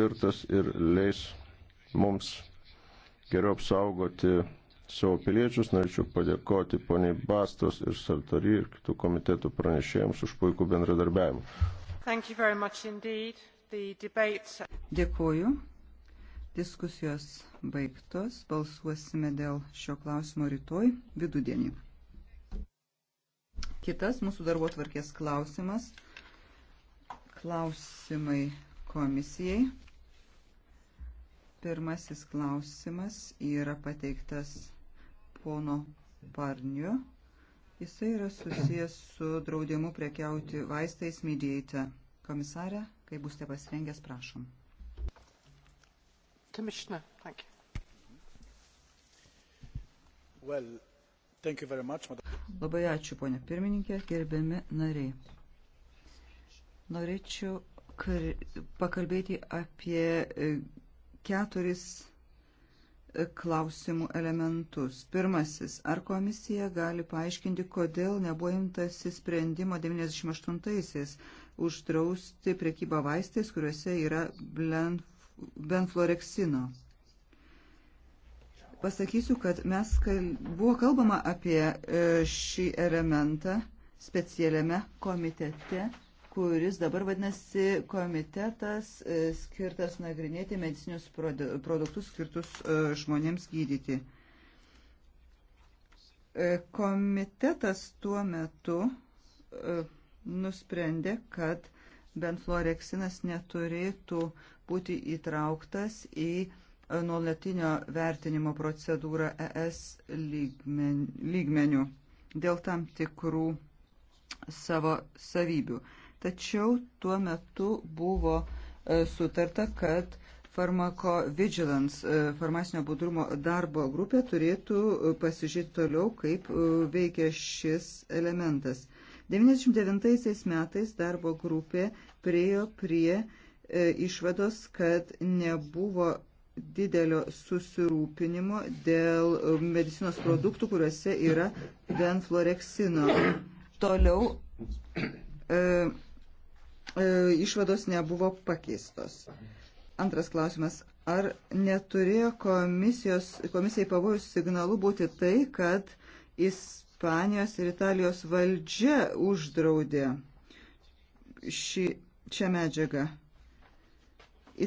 tvirtas ir leis mums geriau apsaugoti savo piliečius. Norėčiau padėkoti poniai Bastos ir Sartori ir kitų komitetų pranešėjams už puikų bendradarbiavimą. Debate... Dėkuoju. Diskusijos baigtos. Balsuosime dėl šio klausimo rytoj vidudienį. Kitas mūsų darbo tvarkės klausimas. Klausimai komisijai. Pirmasis klausimas yra pateiktas pono Parniu. Jisai yra susijęs su draudimu prekiauti vaistais mediate. Komisarė, kai būsite pasirengęs, prašom. Commissioner, thank you. Well, thank you very much, Labai ačiū, ponia pirmininkė, gerbiami nariai. Norėčiau kar... pakalbėti apie keturis e, klausimų elementus. Pirmasis, ar komisija gali paaiškinti, kodėl nebuvo imtasi sprendimo 98-aisiais uždrausti prekybą vaistais, kuriuose yra benfloreksino? Pasakysiu, kad mes kal... buvo kalbama apie e, šį elementą specialiame komitete kuris dabar vadinasi komitetas e, skirtas nagrinėti medicinius produktus skirtus e, žmonėms gydyti. E, komitetas tuo metu nusprendė, kad benfloreksinas neturėtų būti įtrauktas į nuolatinio vertinimo procedūrą ES lygmenių dėl tam tikrų savo savybių. Tačiau tuo metu buvo e, sutarta, kad Pharmacovigilance, e, farmacinio budrumo darbo grupė turėtų e, pasižiūrėti toliau, kaip veikia šis elementas. 99 metais darbo grupė priejo prie išvados, kad nebuvo didelio susirūpinimo dėl medicinos produktų, kuriuose yra venfloreksino. Toliau e, E, išvados nebuvo pakeistos. Antras klausimas. Ar neturėjo komisijos, komisijai pavojus signalų būti tai, kad Ispanijos ir Italijos valdžia uždraudė šį, čia medžiagą?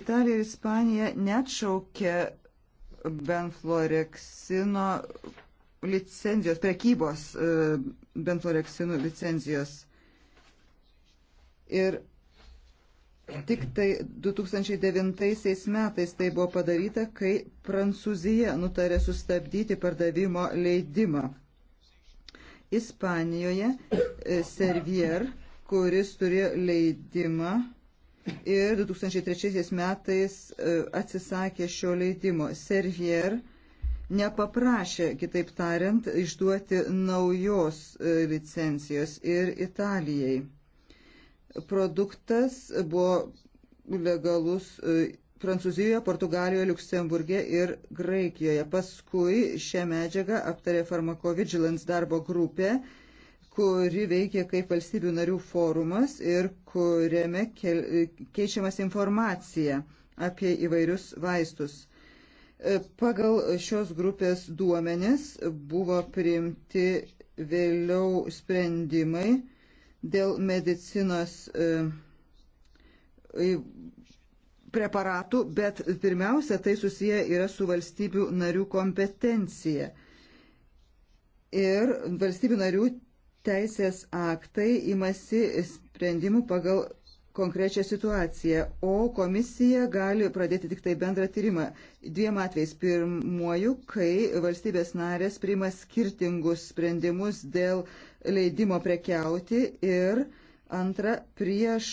Italija ir Ispanija neatšaukė benfloreksino licenzijos, prekybos e, benfloreksinų licenzijos Ir tik tai 2009 metais tai buvo padaryta, kai Prancūzija nutarė sustabdyti pardavimo leidimą. Ispanijoje e, Servier, kuris turėjo leidimą ir 2003 metais e, atsisakė šio leidimo. Servier nepaprašė, kitaip tariant, išduoti naujos e, licencijos ir Italijai. Produktas buvo legalus e, Prancūzijoje, Portugalijoje, Luksemburgė ir Graikijoje. Paskui šią medžiagą aptarė Pharmacovigilance darbo grupė, kuri veikia kaip valstybių narių forumas ir kuriame keičiamas informacija apie įvairius vaistus. E, pagal šios grupės duomenis buvo priimti vėliau sprendimai dėl medicinos e, preparatų, bet pirmiausia, tai susiję yra su valstybių narių kompetencija. Ir valstybių narių teisės aktai imasi sprendimų pagal konkrečią situaciją, o komisija gali pradėti tik tai bendrą tyrimą. Dviem atvejais. Pirmuoju, kai valstybės narės priima skirtingus sprendimus dėl leidimo prekiauti ir antra, prieš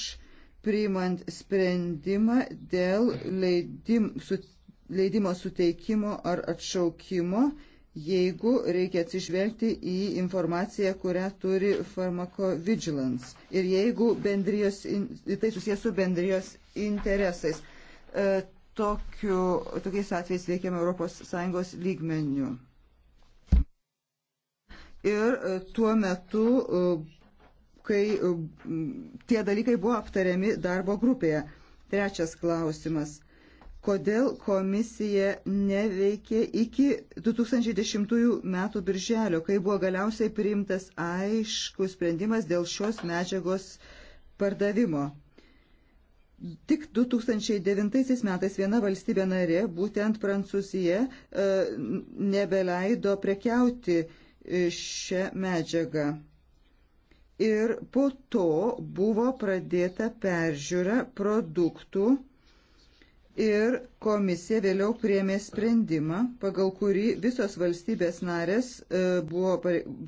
priimant sprendimą dėl leidim, su, leidimo suteikimo ar atšaukimo jeigu reikia atsižvelgti į informaciją, kurią turi farmakovigilance ir jeigu bendrijos, tai susijęs su bendrijos interesais. E, tokiu, tokiais atvejais veikiame ES lygmenių. Ir e, tuo metu, e, kai tie dalykai buvo aptariami darbo grupėje. Trečias klausimas kodėl komisija neveikė iki 2010 metų birželio, kai buvo galiausiai priimtas aiškus sprendimas dėl šios medžiagos pardavimo. Tik 2009 metais viena valstybė narė, būtent Prancūzija, e, nebeleido prekiauti e, šią medžiagą. Ir po to buvo pradėta peržiūra produktų ir komisija vėliau priemė sprendimą, pagal kurį visos valstybės narės e, buvo,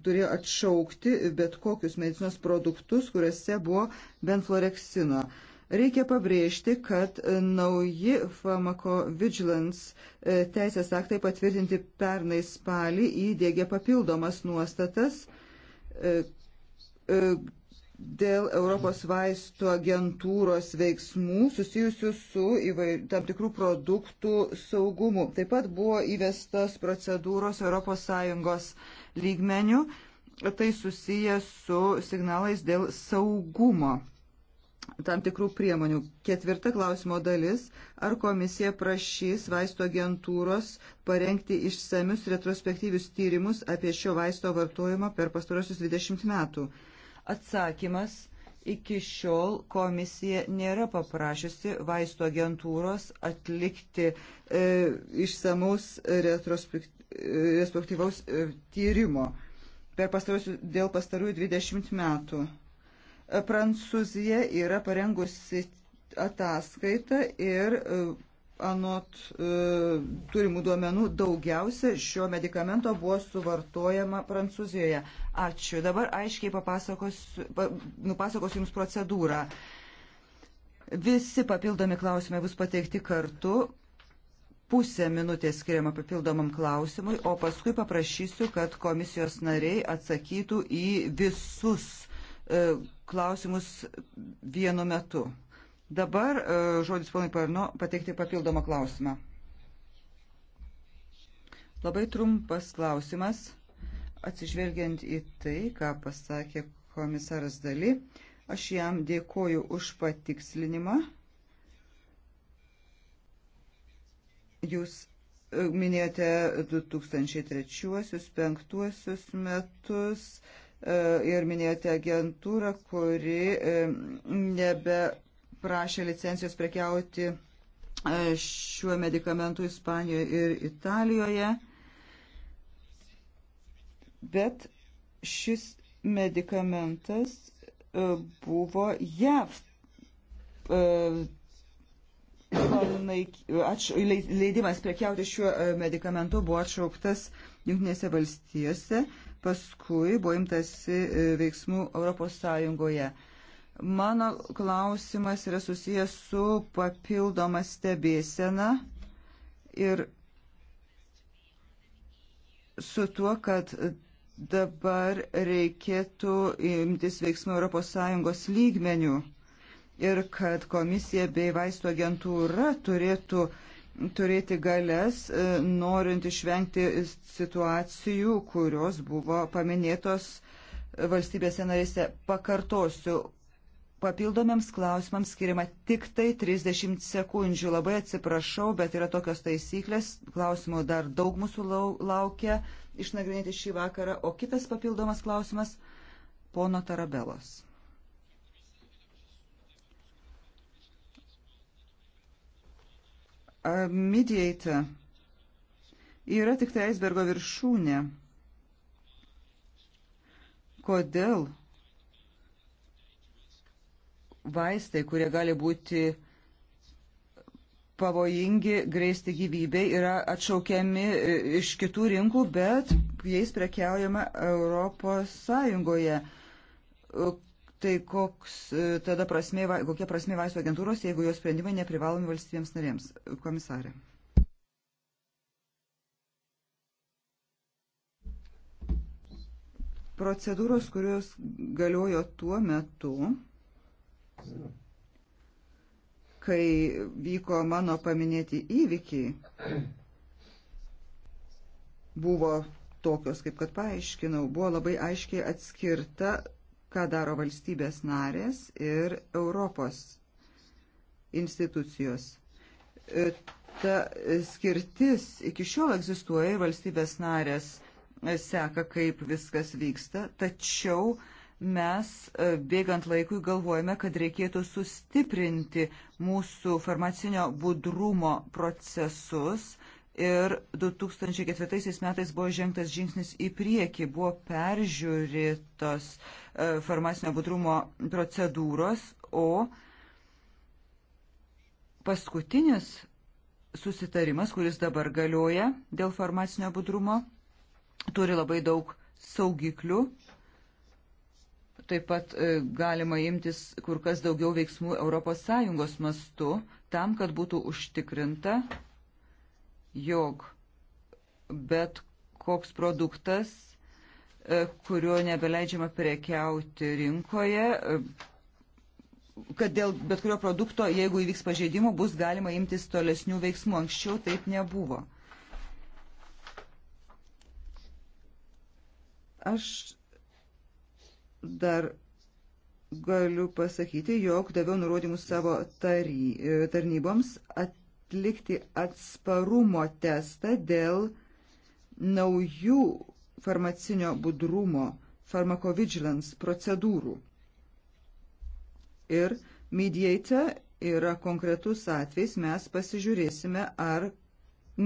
turėjo atšaukti bet kokius medicinos produktus, kuriuose buvo benfloreksino. Reikia pabrėžti, kad e, nauji farmakovigilance e, teisės aktai patvirtinti pernai spalį įdėgė papildomas nuostatas dėl Europos vaistų agentūros veiksmų susijusių su įvair, tam tikrų produktų saugumu. Taip pat buvo įvestos procedūros ES lygmenių, tai susijęs su signalais dėl saugumo tam tikrų priemonių. Ketvirta klausimo dalis - ar komisija prašys vaisto agentūros parengti išsamius retrospektyvius tyrimus apie šio vaisto vartojimą per pastarosius 20 metų? Atsakymas iki šiol komisija nėra paprašiusi vaisto agentūros atlikti e, išsamaus retrospektyvaus e, tyrimo per pastarosiu, dėl pastarųjų 20 metų. E, Prancūzija yra parengusi ataskaitą ir e, anot e, turimų duomenų, daugiausia šio medikamento buvo suvartojama Prancūzijoje. Ačiū. Dabar aiškiai papasakos, pa, nupasakos Jums procedūrą. Visi papildomi klausimai bus pateikti kartu. Pusę minutės skiriama papildomam klausimui, o paskui paprašysiu, kad komisijos nariai atsakytų į visus e, klausimus vienu metu. Dabar e, žodis ponui Parno pateikti papildomą klausimą. Labai trumpas klausimas, atsižvelgiant į tai, ką pasakė komisaras Dali. Aš jam dėkoju už patikslinimą. Jūs e, minėjote 2003-2005 metus e, ir minėjote agentūrą, kuri nebe prašė licencijos prekiauti e, šiuo medikamentu Ispanijoje ir Italijoje. Bet šis medikamentas e, buvo JAV e, leidimas prekiauti šiuo medikamentu buvo atšauktas Junktinėse valstijose, paskui buvo imtasi veiksmų Europos Sąjungoje. Mano klausimas yra susijęs su papildoma stebėsena ir su tuo, kad dabar reikėtų imtis veiksmų ES lygmenių ir kad komisija bei vaistų agentūra turėtų turėti galės, e, norint išvengti situacijų, kurios buvo paminėtos valstybėse narėse. Pakartosiu, Papildomiams klausimams skiriama tik tai 30 sekundžių. Labai atsiprašau, bet yra tokios taisyklės. Klausimų dar daug mūsų laukia išnagrinėti šį vakarą. O kitas papildomas klausimas - pono Tarabelos. Mediate yra tik tai aisbergo viršūnė. Kodėl? vaistai, kurie gali būti pavojingi greisti gyvybei, yra atšaukiami e, iš kitų rinkų, bet jais prekiaujama Europos Sąjungoje. Tai koks, e, tada prasmė, kokia prasmė vaistų agentūros, jeigu jos sprendimai neprivalomi valstybėms narėms? Komisarė. Procedūros, kurios galiojo tuo metu, kai vyko mano paminėti įvykiai, buvo tokios, kaip kad paaiškinau, buvo labai aiškiai atskirta, ką daro valstybės narės ir Europos institucijos. E, ta skirtis iki šiol egzistuoja ir valstybės narės seka, kaip viskas vyksta, tačiau uh, mes e, bėgant laikui galvojame, kad reikėtų sustiprinti mūsų farmacinio budrumo procesus. Ir 2004 metais buvo žengtas žingsnis į priekį, buvo peržiūrėtos e, farmacinio budrumo procedūros, o paskutinis susitarimas, kuris dabar galioja dėl farmacinio budrumo, turi labai daug saugiklių Taip pat e, galima imtis kur kas daugiau veiksmų ES mastu tam, kad būtų užtikrinta, jog bet koks produktas, e, kuriuo nebeleidžiama prekiauti rinkoje, e, kad dėl bet kurio produkto, jeigu įvyks pažeidimų, bus galima imtis tolesnių veiksmų. Anksčiau taip nebuvo. Aš dar galiu pasakyti, jog daviau nurodymus savo tary, e, tarnyboms atlikti atsparumo testą dėl naujų farmacinio budrumo, farmakovigilance procedūrų. Ir mediate yra konkretus atvejs, mes pasižiūrėsime, ar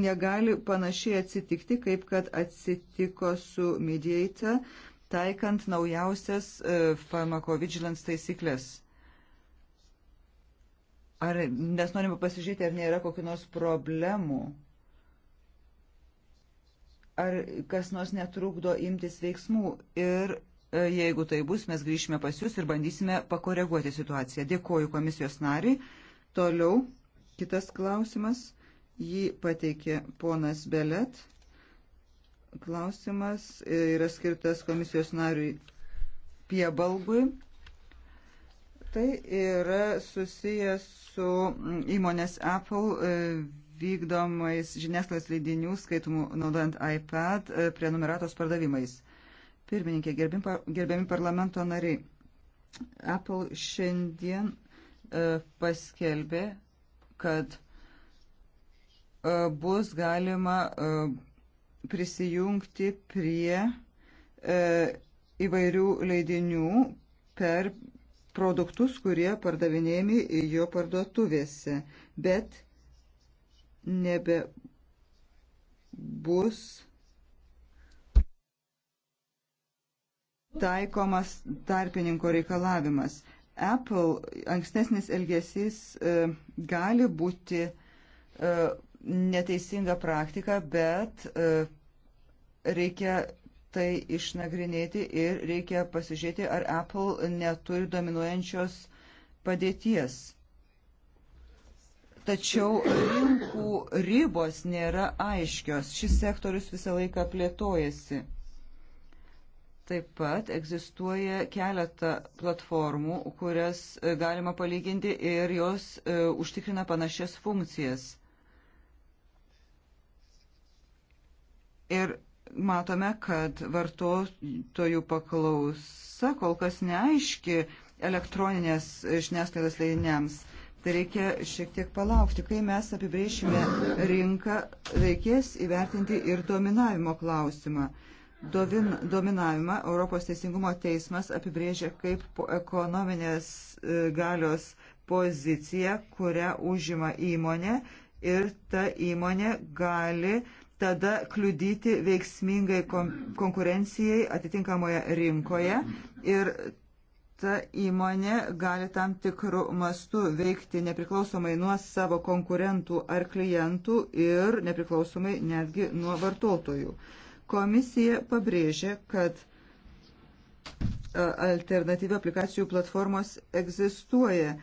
negali panašiai atsitikti, kaip kad atsitiko su mediate taikant naujausias e, farmakovigilance taisyklės. Ar mes norime pasižiūrėti, ar nėra kokių nors problemų? Ar kas nors netrukdo imtis veiksmų? Ir e, jeigu tai bus, mes grįšime pas jūs ir bandysime pakoreguoti situaciją. Dėkoju komisijos nariai. Toliau kitas klausimas. Jį pateikė ponas Belet klausimas yra skirtas komisijos nariui Piebalgui. Tai yra susijęs su įmonės Apple e, vykdomais žiniasklaidos leidinių skaitimų naudojant iPad e, prenumeratos pardavimais. Pirmininkė, gerbiami parlamento nariai, Apple šiandien e, paskelbė, kad bus galima prisijungti prie e, įvairių leidinių per produktus, kurie pardavinėjami jo parduotuvėse, bet nebe bus taikomas tarpininko reikalavimas. Apple ankstesnis elgesys e, gali būti e, neteisinga praktika, bet e, reikia tai išnagrinėti ir reikia pasižiūrėti, ar Apple neturi dominuojančios padėties. Tačiau rinkų ribos nėra aiškios. Šis sektorius visą laiką plėtojasi. Taip pat egzistuoja keletą platformų, kurias e, galima palyginti ir jos e, užtikrina panašias funkcijas Ir matome, kad vartotojų paklausa kol kas neaiški elektroninės žiniasklaidos leidiniams. Tai reikia šiek tiek palaukti. Kai mes apibrėšime rinką, reikės įvertinti ir dominavimo klausimą. Dovin, dominavimą Europos Teisingumo teismas apibrėžia kaip ekonominės e, galios poziciją, kurią užima įmonė ir ta įmonė gali uh, tada kliudyti veiksmingai konkurencijai atitinkamoje rinkoje ir ta įmonė gali tam tikrų mastų veikti nepriklausomai nuo savo konkurentų ar klientų ir nepriklausomai netgi nuo vartotojų. Komisija pabrėžė, kad e, alternatyvių aplikacijų platformos egzistuoja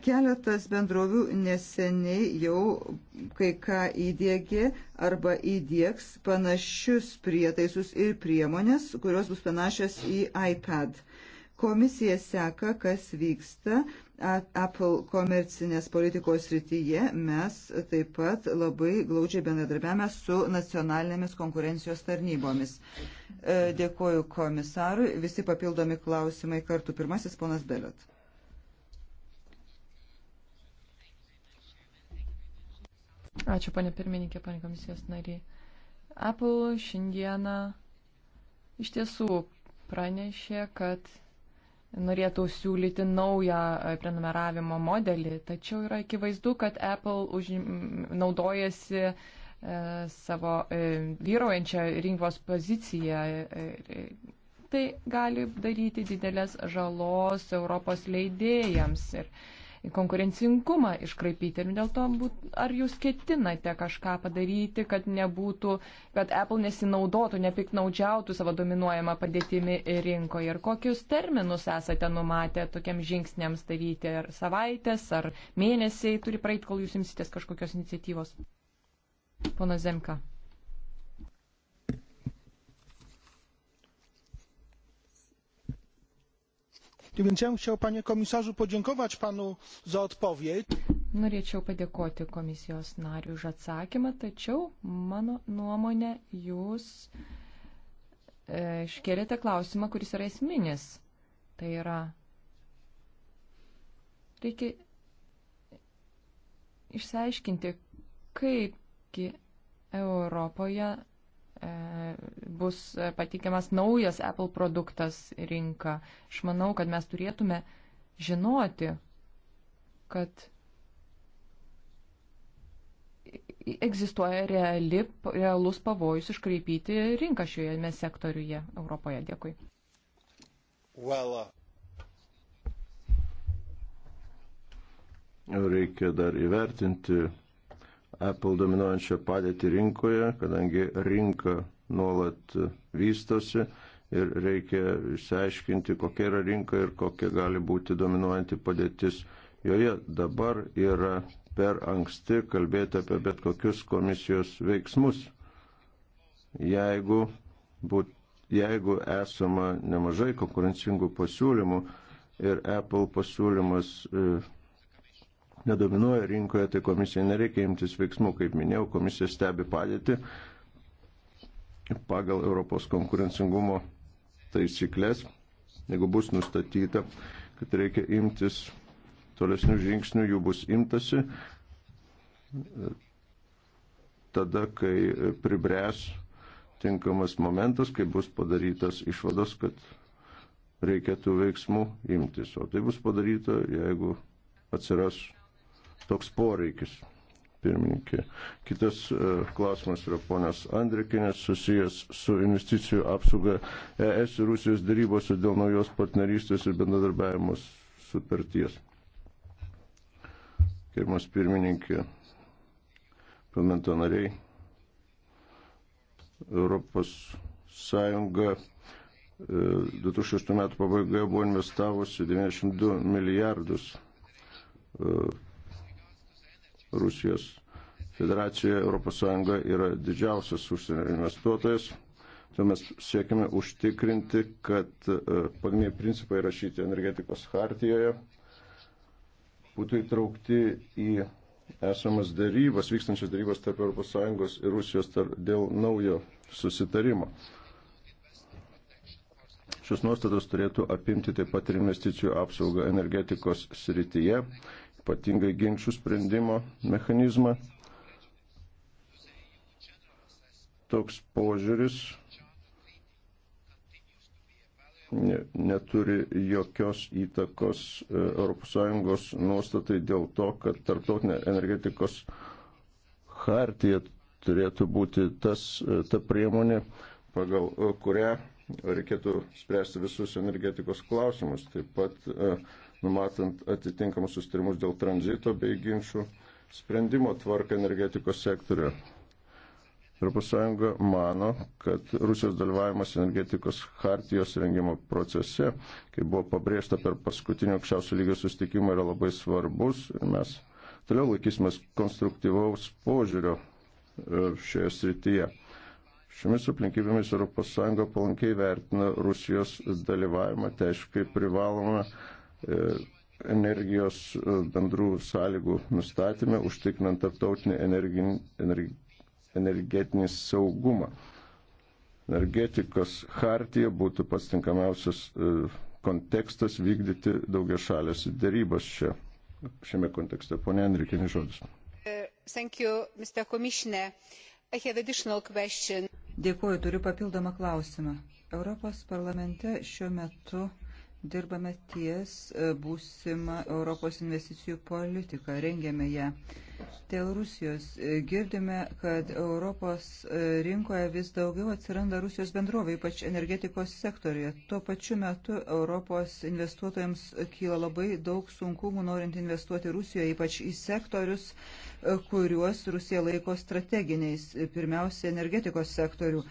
Keletas bendrovių neseniai jau kai ką įdėgė arba įdėks panašius prietaisus ir priemonės, kurios bus panašios į iPad. Komisija seka, kas vyksta Apple komercinės politikos rytyje. Mes taip pat labai glaudžiai bendradarbiame su nacionalinėmis konkurencijos tarnybomis. E, dėkoju komisarui. Visi papildomi klausimai kartu. Pirmasis ponas Belėt. Ačiū, panė pirmininkė, panė komisijos nariai. Apple šiandieną iš tiesų pranešė, kad norėtų siūlyti naują e, prenumeravimo modelį, tačiau yra akivaizdu, kad Apple už, naudojasi e, savo e, vyraujančią rinkos poziciją. E, e, tai gali daryti didelės žalos Europos leidėjams. Ir, konkurencingumą iškraipyti. Ir dėl to, būt, ar jūs ketinate kažką padaryti, kad nebūtų, kad Apple nesinaudotų, nepiknaudžiautų savo dominuojamą padėtimi rinkoje? Ir kokius terminus esate numatę tokiam žingsniams daryti? Ar savaitės, ar mėnesiai turi praeit, kol jūs imsitės kažkokios iniciatyvos? Pana Zemka. Więc ja bym chciał, panie komisarzu, podziękować panu za odpowiedź. Norėčiau padėkoti komisijos nariui už atsakymą, tačiau mano nuomonė jūs e, iškėlėte klausimą, kuris yra esminis. Tai yra, reikia išsiaiškinti, kaipgi Europoje E, bus e, patikiamas naujas Apple produktas rinka. Aš manau, kad mes turėtume žinoti, kad egzistuoja reali, realus pavojus iškreipyti rinką šioje sektoriuje Europoje. Dėkui. Well, uh... Reikia dar įvertinti Apple dominuojančią padėtį rinkoje, kadangi rinka nuolat vystosi ir reikia išsiaiškinti, kokia yra rinka ir kokia gali būti dominuojanti padėtis. Joje dabar yra per anksti kalbėti apie bet kokius komisijos veiksmus. Jeigu, būt, jeigu esama nemažai konkurencingų pasiūlymų ir Apple pasiūlymas e, nedominuoja rinkoje, tai komisija nereikia imtis veiksmų. Kaip minėjau, komisija stebi padėti pagal Europos konkurencingumo taisyklės, jeigu bus nustatyta, kad reikia imtis tolesnių žingsnių, jų bus imtasi tada, kai pribręs tinkamas momentas, kai bus padarytas išvados, kad reikia tų veiksmų imtis. O tai bus padaryta, jeigu atsiras toks poreikis. Pirmininkė. Kitas e, klausimas yra ponios Andrikinės susijęs su investicijų apsauga ES ir Rusijos darybose dėl naujos partnerystės ir bendradarbiavimo sutarties. Gerbiamas pirmininkė, parlamento nariai, Europos Sąjunga 2006 e, metų pabaigoje buvo investavusi 92 milijardus e, Rusijos federacijoje ES yra didžiausias užsienio investuotojas. Tai mes siekime užtikrinti, kad e, pagrindiniai principai rašyti energetikos hartijoje būtų įtraukti į esamas darybas, vykstančias darybas tarp ES ir Rusijos tarp, dėl naujo susitarimo. Šios nuostatos turėtų apimti taip pat ir investicijų apsaugą energetikos srityje ypatingai ginčių sprendimo mechanizmą. Toks požiūris neturi jokios įtakos e, ES nuostatai dėl to, kad tarptautinė energetikos hartija turėtų būti tas, e, ta priemonė, pagal e, kurią reikėtų spręsti visus energetikos klausimus. Taip pat numatant atitinkamus sustarimus dėl tranzito bei ginčių sprendimo tvarką energetikos sektoriuje. ES mano, kad Rusijos dalyvavimas energetikos hartijos rengimo procese, kaip buvo pabrėžta per paskutinį aukščiausio lygio sustikimą, yra labai svarbus ir mes toliau laikysimės konstruktyvaus požiūrio e, šioje srityje. Šiomis aplinkybėmis ES palankiai vertina Rusijos dalyvavimą, tai aiškiai privaloma E, energijos e, bendrų sąlygų nustatymę, užtikrinant tarptautinį energi, energi, energetinį saugumą. Energetikos hartija būtų pats tinkamiausias e, kontekstas vykdyti daugia šalės dėrybas čia, šiame kontekste. Pone Andrikinė žodis. Dėkuoju, turiu papildomą klausimą. Europos parlamente šiuo metu dirbame ties e, būsimą Europos investicijų politiką, rengiame ją. Dėl Rusijos e, girdime, kad Europos e, rinkoje vis daugiau atsiranda Rusijos bendrovė, ypač energetikos sektorija. Tuo pačiu metu Europos investuotojams kyla labai daug sunkumų norint investuoti Rusijoje, ypač į sektorius, kuriuos Rusija laiko strateginiais, pirmiausia, energetikos sektorių.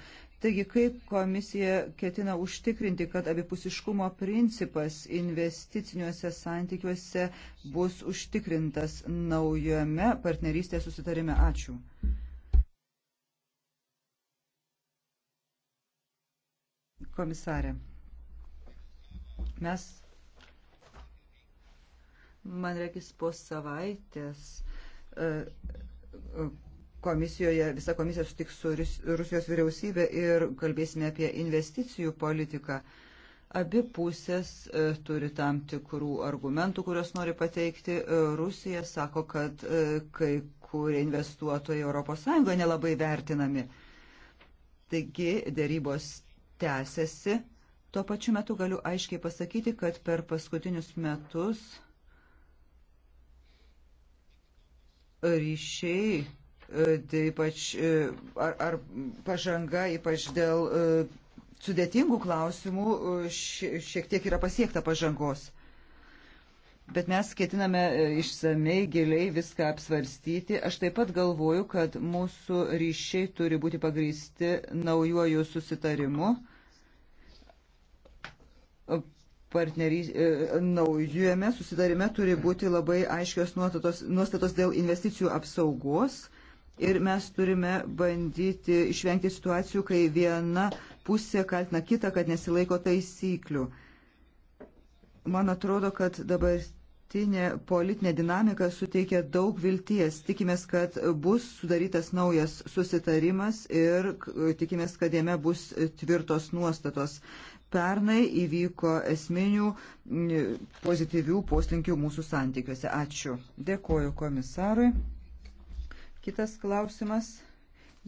Taigi, kaip komisija ketina užtikrinti, kad abipusiškumo principas investiciniuose santykiuose bus užtikrintas naujame partnerystės susitarime? Ačiū. Komisarė, mes, man reikės, po savaitės. Uh, uh, komisijoje, visa komisija sutiks su Rusijos vyriausybė ir kalbėsime apie investicijų politiką. Abi pusės e, turi tam tikrų argumentų, kuriuos nori pateikti. E, Rusija sako, kad e, kai kurie investuotojai ES nelabai vertinami. Taigi dėrybos tęsiasi. Tuo pačiu metu galiu aiškiai pasakyti, kad per paskutinius metus ryšiai E, tai ypač e, ar, ar pažanga, ypač dėl e, sudėtingų klausimų, šiek tiek yra pasiekta pažangos. Bet mes ketiname išsamei, giliai viską apsvarstyti. Aš taip pat galvoju, kad mūsų ryšiai turi būti pagrysti naujuoju susitarimu, partnerys, naujujame susitarime turi būti labai aiškios nuostatos, nuostatos dėl investicijų apsaugos ir mes turime bandyti išvengti situacijų, kai viena pusė kaltina kitą, kad nesilaiko taisyklių. Man atrodo, kad dabar dabartinė politinė dinamika suteikia daug vilties. Tikimės, kad bus sudarytas naujas susitarimas ir tikimės, kad jame bus tvirtos nuostatos. Pernai įvyko esminių pozityvių poslinkių mūsų santykiuose. Ačiū. Dėkoju komisarui. Kitas klausimas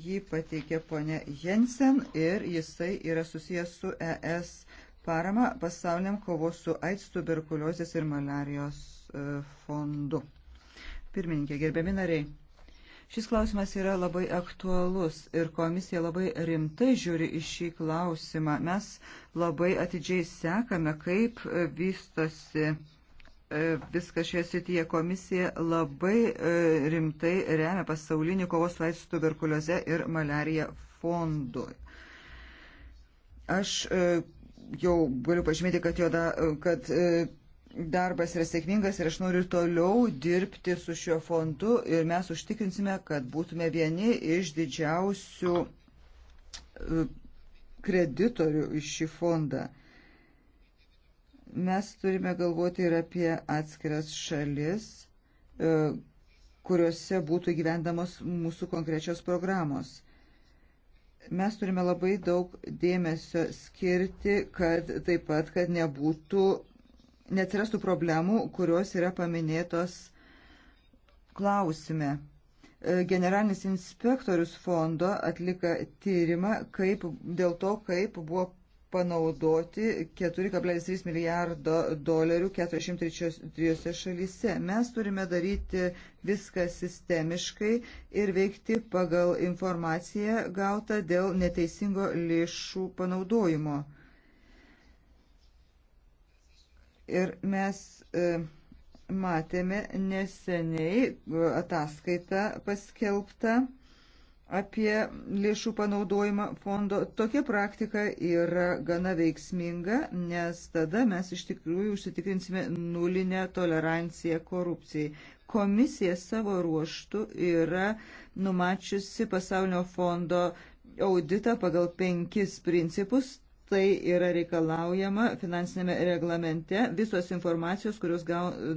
jį pateikė ponė Jensen ir jisai yra susijęs su ES parama pasauliniam kovos su AIDS, tuberkuliozės ir malarijos e, fondu. Pirmininkė, gerbiami nariai, šis klausimas yra labai aktualus ir komisija labai rimtai žiūri į šį klausimą. Mes labai atidžiai sekame, kaip vystosi E, viskas šioje srityje komisija labai e, rimtai remia pasaulinį kovos su aids tuberkulioze ir malerija fondui. Aš e, jau galiu pažymėti, kad, jo da, kad darbas yra sėkmingas ir aš noriu toliau dirbti su šiuo fondu ir mes užtikrinsime, kad būtume vieni iš didžiausių kreditorių iš šį fondą. Mes turime galvoti ir apie atskiras šalis, e, kuriuose būtų gyvendamos mūsų konkrečios programos. Mes turime labai daug dėmesio skirti, kad taip pat, kad nebūtų, neatsirastų problemų, kurios yra paminėtos klausime. E, Generalinis inspektorius fondo atlika tyrimą kaip, dėl to, kaip buvo panaudoti 4,3 milijardo dolerių 43 šalyse. Mes turime daryti viską sistemiškai ir veikti pagal informaciją gautą dėl neteisingo lėšų panaudojimo. Ir mes e, matėme neseniai e, ataskaitą paskelbtą apie lėšų panaudojimą fondo. Tokia praktika yra gana veiksminga, nes tada mes iš tikrųjų užsitikrinsime nulinę toleranciją korupcijai. Komisija savo ruoštų yra numačiusi pasaulio fondo auditą pagal penkis principus tai yra reikalaujama finansinėme reglamente visos informacijos, kurios gauna,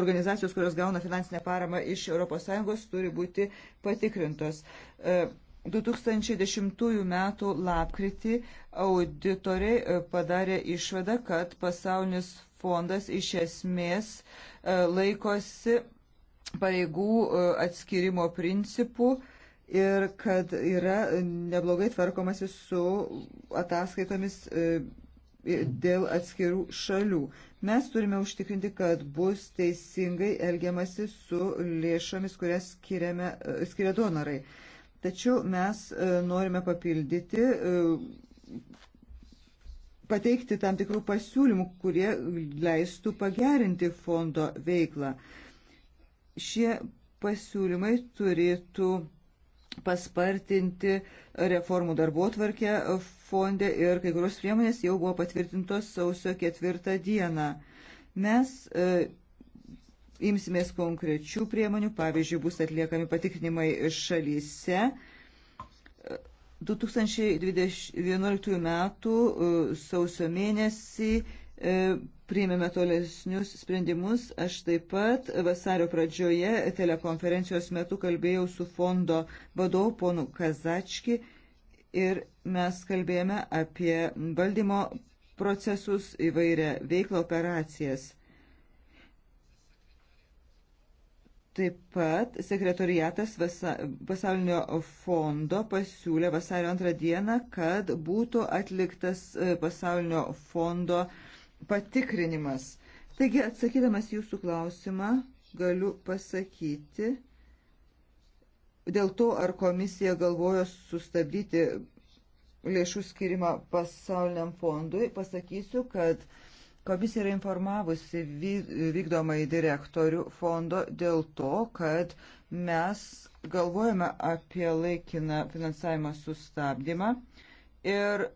organizacijos, kurios gauna finansinę paramą iš ES, turi būti patikrintos. 2010 e, m. lapkritį auditoriai e, padarė išvadą, kad pasaulinis fondas iš esmės e, laikosi pareigų atskirimo principų ir kad yra neblogai tvarkomasi su ataskaitomis e, dėl atskirų šalių. Mes turime užtikrinti, kad bus teisingai elgiamasi su lėšomis, kurias skiriame, e, skiria donorai. Tačiau mes e, norime papildyti, pateikti tam tikrų pasiūlymų, kurie leistų pagerinti fondo veiklą. Šie pasiūlymai turėtų paspartinti reformų darbuotvarkę fonde ir kai kurios priemonės jau buvo patvirtintos sausio ketvirtą dieną. Mes e, imsimės konkrečių priemonių, pavyzdžiui, bus atliekami patikrinimai šalyse. 2011 e, m. E, sausio mėnesį E, priėmėme tolesnius sprendimus. Aš taip pat vasario pradžioje telekonferencijos metu kalbėjau su fondo vadovu ponu Kazački ir mes kalbėjome apie valdymo procesus įvairią veiklą operacijas. Taip pat sekretoriatas vasa, pasaulinio fondo pasiūlė vasario antrą dieną, kad būtų atliktas e, pasaulinio fondo uh, patikrinimas. Taigi, atsakydamas jūsų klausimą, galiu pasakyti, dėl to, ar komisija galvojo sustabdyti lėšų skirimą pasauliniam fondui, pasakysiu, kad komisija yra informavusi vykdomai direktorių fondo dėl to, kad mes galvojame apie laikiną finansavimo sustabdymą ir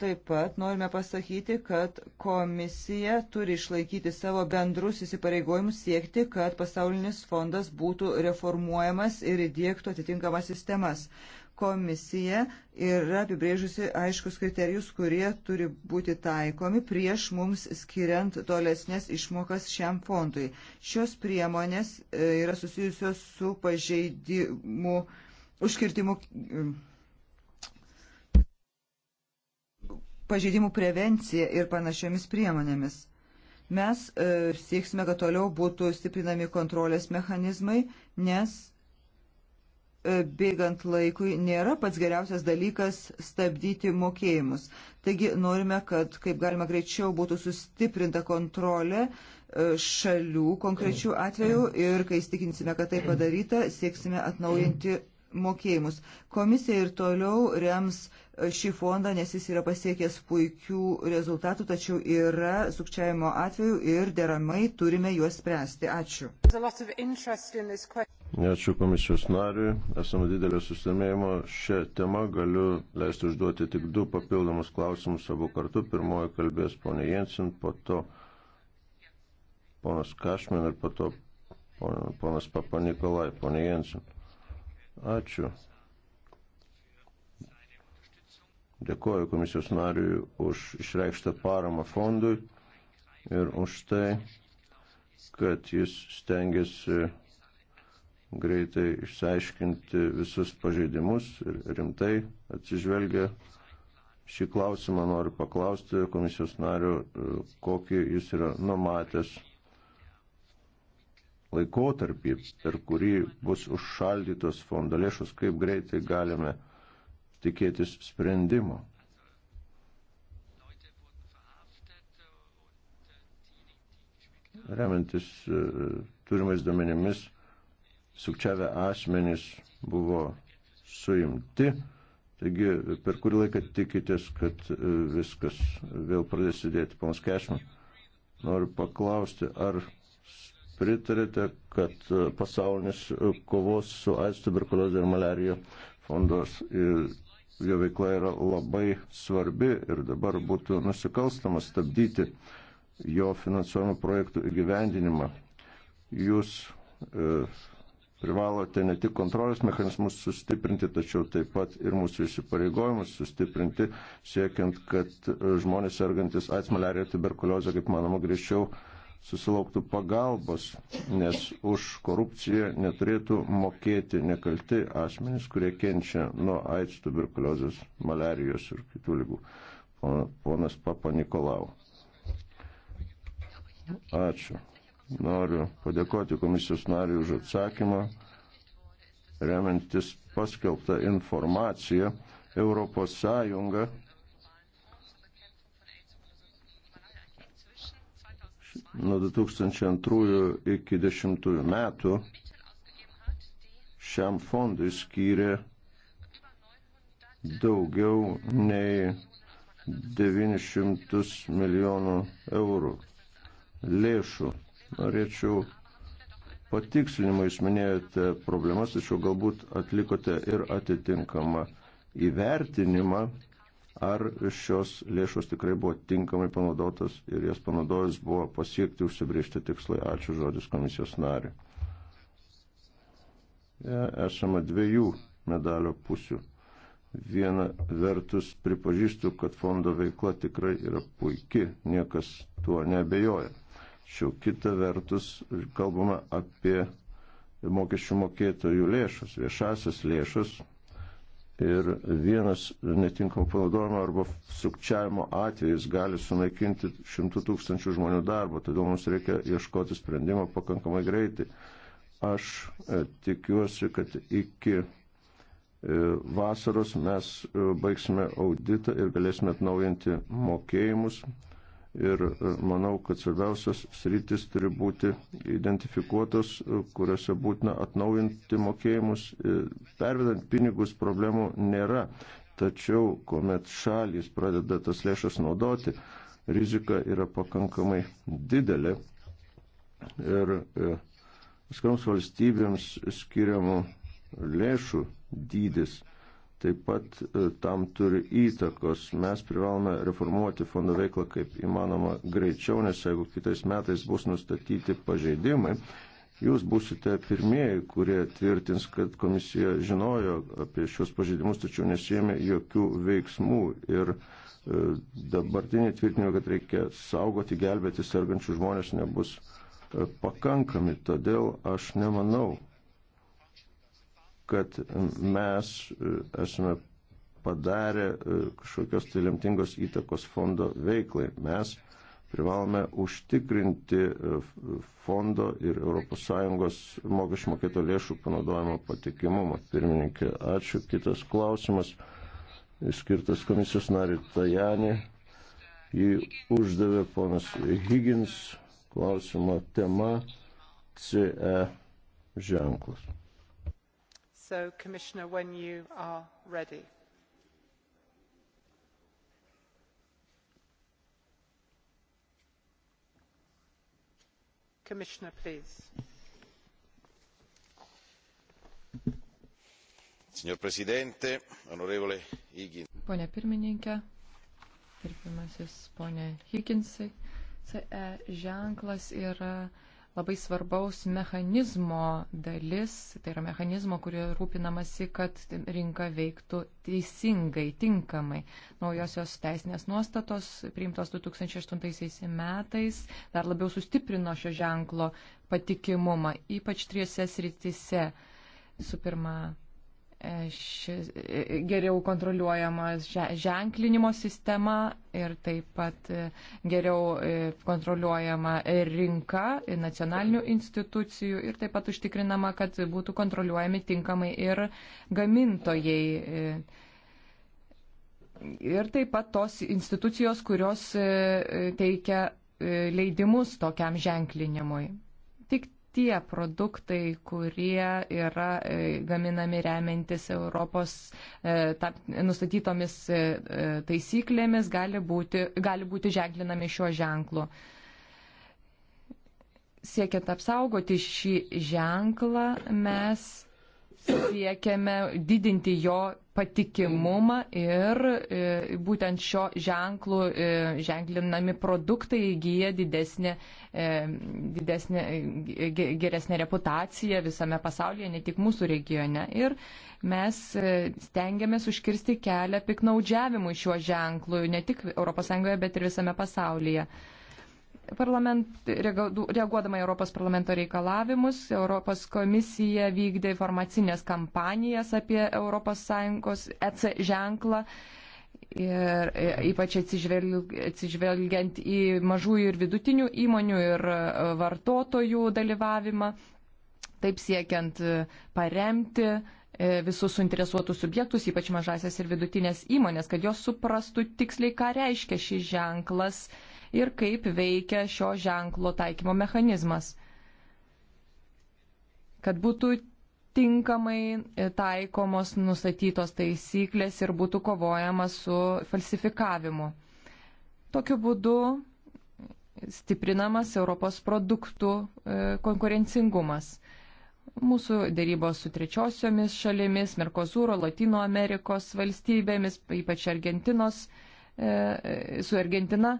Taip pat norime pasakyti, kad komisija turi išlaikyti savo bendrus įsipareigojimus siekti, kad pasaulinis fondas būtų reformuojamas ir įdėktų atitinkamas sistemas. Komisija yra apibrėžusi aiškus kriterijus, kurie turi būti taikomi prieš mums skiriant tolesnės išmokas šiam fondui. Šios priemonės e, yra susijusios su pažeidimu, užkirtimu pažeidimų prevencija ir panašiomis priemonėmis. Mes e, sieksime, kad toliau būtų stiprinami kontrolės mechanizmai, nes e, bėgant laikui nėra pats geriausias dalykas stabdyti mokėjimus. Taigi norime, kad kaip galima greičiau būtų sustiprinta kontrolė e, šalių konkrečių atvejų ir kai stikinsime, kad tai padaryta, sieksime atnaujinti mokėjimus. Komisija ir toliau rems e, šį fondą, nes jis yra pasiekęs puikių rezultatų, tačiau yra sukčiavimo atveju ir deramai turime juos spręsti. Ačiū. Ačiū komisijos nariui. Esame didelio susidomėjimo. Šią temą galiu leisti užduoti tik du papildomus klausimus savo kartu. Pirmoji kalbės ponė Jensin, po to ponas Kašmin ir po to ponas Papa Nikolai, ponė Jensin. Ačiū. Dėkoju komisijos nariui už išreikštą paramą fondui ir už tai, kad jis stengiasi greitai išsiaiškinti visus pažeidimus ir rimtai atsižvelgia šį klausimą noriu paklausti komisijos nario, kokį jis yra numatęs laikotarpį, per kurį bus užšaldytos fondo lėšos, kaip greitai galime tikėtis sprendimo. Remiantis e, turimais domenimis, sukčiavę asmenys buvo suimti. Taigi, per kurį laiką tikitės, kad e, viskas vėl pradės judėti, ponas Kešman. Noriu paklausti, ar pritarėte, kad e, pasaulinis e, kovos su AIDS, tuberkuliozė ir malerija fondas, jo veikla yra labai svarbi ir dabar būtų nusikalstama stabdyti jo finansuojamų projektų įgyvendinimą. Jūs e, privalote ne tik kontrolės mechanizmus sustiprinti, tačiau taip pat ir mūsų įsipareigojimus sustiprinti, siekiant, kad e, žmonės sergantis AIDS, malerija, tuberkuliozė, kaip manoma, grįžčiau susilauktų pagalbos, nes už korupciją neturėtų mokėti nekalti asmenys, kurie kenčia nuo AIDS, tuberkuliozės, malerijos ir kitų lygų. Ponas Papa Nikolau. Ačiū. Noriu padėkoti komisijos nariui už atsakymą. Remiantis paskelbtą informaciją, Europos Sąjunga nuo 2002 iki 2010 metų šiam fondui skyrė daugiau nei 900 milijonų eurų lėšų. Norėčiau patikslinimą, jūs minėjote problemas, tačiau galbūt atlikote ir atitinkamą įvertinimą ar šios lėšos tikrai buvo tinkamai panaudotos ir jas panaudojus buvo pasiekti užsibriežti tikslai. Ačiū žodis komisijos nariui. Ja, e, esama dviejų medalio pusių. Viena vertus pripažįstu, kad fondo veikla tikrai yra puiki, niekas tuo nebejoja. Šiau kita vertus kalbama apie mokesčių mokėtojų lėšas, viešasias lėšas, ir vienas netinkamo panaudojimo arba sukčiavimo atvejis gali sunaikinti šimtų tūkstančių žmonių darbą, todėl mums reikia ieškoti sprendimo pakankamai greitai. Aš e, tikiuosi, kad iki e, vasaros mes e, baigsime auditą ir galėsime atnaujinti mokėjimus ir e, manau, kad svarbiausios sritis turi būti identifikuotos, e, kuriuose būtina atnaujinti mokėjimus. E, pervedant pinigus problemų nėra, tačiau kuomet šalys pradeda tas lėšas naudoti, rizika yra pakankamai didelė. Ir viskoms valstybėms skiriamų lėšų dydis taip pat e, tam turi įtakos. Mes privalome reformuoti fondo veiklą kaip įmanoma greičiau, nes jeigu kitais metais bus nustatyti pažeidimai, jūs būsite pirmieji, kurie tvirtins, kad komisija žinojo apie šios pažeidimus, tačiau nesėmė jokių veiksmų. Ir e, dabartiniai tvirtinimai, kad reikia saugoti, gelbėti sergančių žmonės, nebus e, pakankami. Todėl aš nemanau, kad mes e, esame padarę e, kažkokios tai lemtingos įtakos fondo veiklai. Mes privalome užtikrinti e, fondo ir ES mokesčių mokėto lėšų panaudojimo patikimumą. Pirmininkė, ačiū. Kitas klausimas skirtas komisijos nariui Tajani. Jį uždavė ponas Higgins klausimo tema CE ženklas so commissioner when you are ready. commissioner please. signor presidente onorevole higgins pone pirmininke gerbiamasis pone higginsai ce ženklas yra labai svarbaus mechanizmo dalis, tai yra mechanizmo, kurio rūpinamasi, kad rinka veiktų teisingai, tinkamai. Naujosios teisinės nuostatos, priimtos 2008 metais, dar labiau sustiprino šio ženklo patikimumą, ypač trijose sritise. Su pirma, E, šis, e, geriau kontroliuojama ženklinimo sistema ir taip pat e, geriau kontroliuojama rinka nacionalinių institucijų ir taip pat užtikrinama, kad būtų kontroliuojami tinkamai ir gamintojai. Ir taip pat tos institucijos, kurios teikia leidimus tokiam ženklinimui. Tik tie produktai, kurie yra e, gaminami remiantis Europos e, ta, nustatytomis e, taisyklėmis, gali būti, gali būti ženklinami šiuo ženklu. Siekiant apsaugoti šį ženklą, mes siekiame didinti jo patikimumą ir e, būtent šio ženklų e, ženklinami produktai įgyja didesnė, e, didesnė, geresnė reputacija visame pasaulyje, ne tik mūsų regione. Ir mes stengiamės užkirsti kelią piknaudžiavimui šiuo ženklu, ne tik ES, bet ir visame pasaulyje. Parlament, reaguodama į Europos parlamento reikalavimus, Europos komisija vykdė informacinės kampanijas apie ES EC ženklą ir e, ypač atsižvelgiant į mažųjų ir vidutinių įmonių ir e, vartotojų dalyvavimą, taip siekiant e, paremti visus suinteresuotus subjektus, ypač mažasias ir vidutinės įmonės, kad jos suprastų tiksliai, ką reiškia šis ženklas ir kaip veikia šio ženklo taikymo mechanizmas, kad būtų tinkamai taikomos nustatytos taisyklės ir būtų kovojama su falsifikavimu. Tokiu būdu stiprinamas Europos produktų e, konkurencingumas. Mūsų dėrybos su trečiosiomis šalimis, Merkozūro, Latino Amerikos valstybėmis, ypač Argentinos, e, e, su Argentina,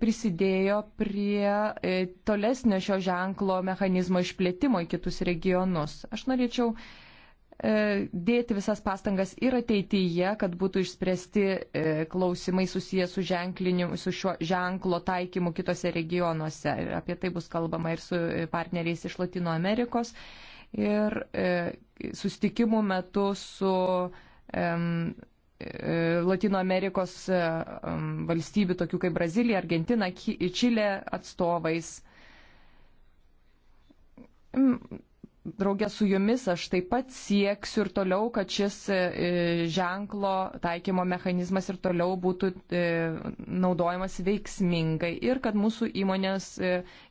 prisidėjo prie e, tolesnio šio ženklo mechanizmo išplėtimo į kitus regionus. Aš norėčiau e, dėti visas pastangas ir ateityje, kad būtų išspręsti e, klausimai susiję su, su šiuo ženklo taikymu kitose regionuose. Ir apie tai bus kalbama ir su partneriais iš Latino Amerikos ir sustikimų metu su E, Latino Amerikos e, valstybių, tokių kaip Brazilija, Argentina, Čilė atstovais. Draugė su jumis aš taip pat sieksiu ir toliau, kad šis e, ženklo taikymo mechanizmas ir toliau būtų naudojamas veiksmingai ir kad mūsų įmonės,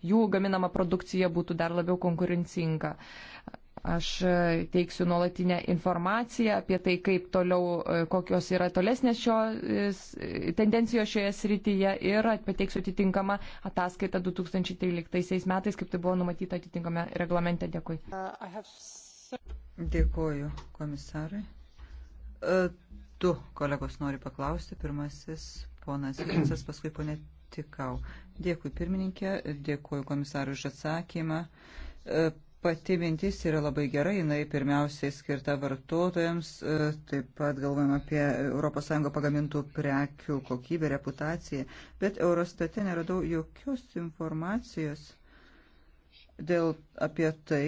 jų gaminama produkcija būtų dar labiau konkurencinga. Aš e, teiksiu nuolatinę informaciją apie tai, kaip toliau, e, kokios yra tolesnės šio, e, tendencijos šioje srityje ir pateiksiu atitinkamą ataskaitą 2013 metais, kaip tai buvo numatyta atitinkame reglamente. Dėkui. Uh, dėkuoju komisarai. Du kolegos nori paklausti. Pirmasis ponas Vincas, paskui ponė Tikau. Dėkui pirmininkė, dėkuoju komisarui už atsakymą Pati mintis yra labai gerai, jinai pirmiausiai skirta vartotojams, e, taip pat galvojam apie ES pagamintų prekių kokybę, reputaciją, bet Eurostate neradau jokios informacijos dėl apie tai,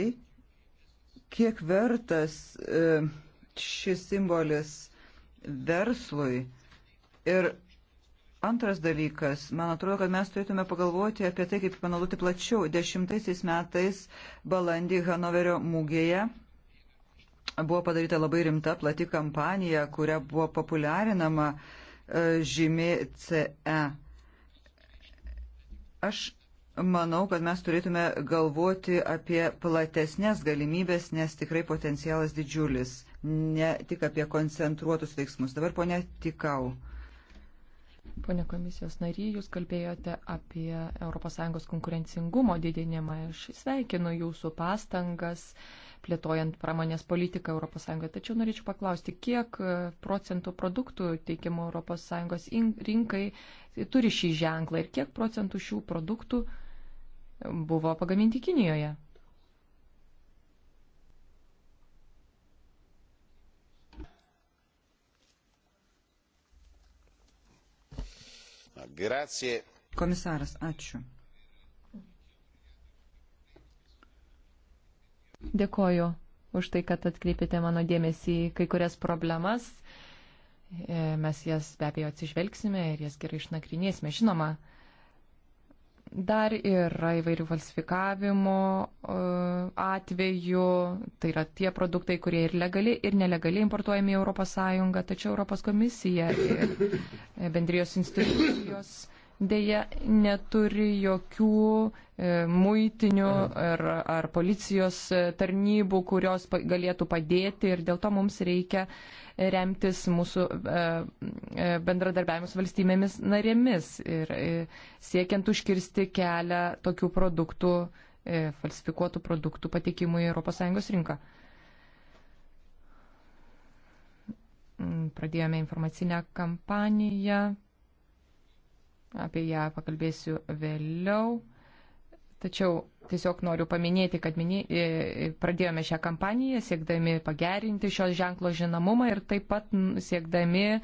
kiek vertas e, šis simbolis verslui ir Antras dalykas, man atrodo, kad mes turėtume pagalvoti apie tai, kaip panaudoti plačiau. Dešimtaisiais metais balandį Hanoverio mūgėje buvo padaryta labai rimta plati kampanija, kuria buvo populiarinama e, žymi CE. Aš manau, kad mes turėtume galvoti apie platesnės galimybės, nes tikrai potencialas didžiulis, ne tik apie koncentruotus veiksmus. Dabar ponia Tikau. Pone komisijos nary, jūs kalbėjote apie ES konkurencingumo didinimą. Aš sveikinu jūsų pastangas plėtojant pramonės politiką ES. Tačiau norėčiau paklausti, kiek procentų produktų teikimo ES rinkai turi šį ženklą ir kiek procentų šių produktų buvo pagaminti Kinijoje? Grazie. Komisaras, ačiū. Dėkoju už tai, kad atkreipėte mano dėmesį į kai kurias problemas. E, mes jas be abejo atsižvelgsime ir jas gerai išnagrinėsime. Žinoma, Dar yra įvairių falsifikavimo e, atvejų, tai yra tie produktai, kurie ir legaliai, ir nelegaliai importuojami į ES, tačiau ES komisija ir bendrijos institucijos dėja neturi jokių e, muitinių e. ar, ar policijos e, tarnybų, kurios galėtų padėti ir dėl to mums reikia remtis mūsų bendradarbiavimus valstybėmis narėmis ir siekiant užkirsti kelią tokių produktų, falsifikuotų produktų patekimui į ES rinką. Mm, pradėjome informacinę kampaniją apie ją pakalbėsiu vėliau. Tačiau tiesiog noriu paminėti, kad minė, e, e, pradėjome šią kampaniją siekdami pagerinti šios ženklo žinomumą ir taip pat siekdami e,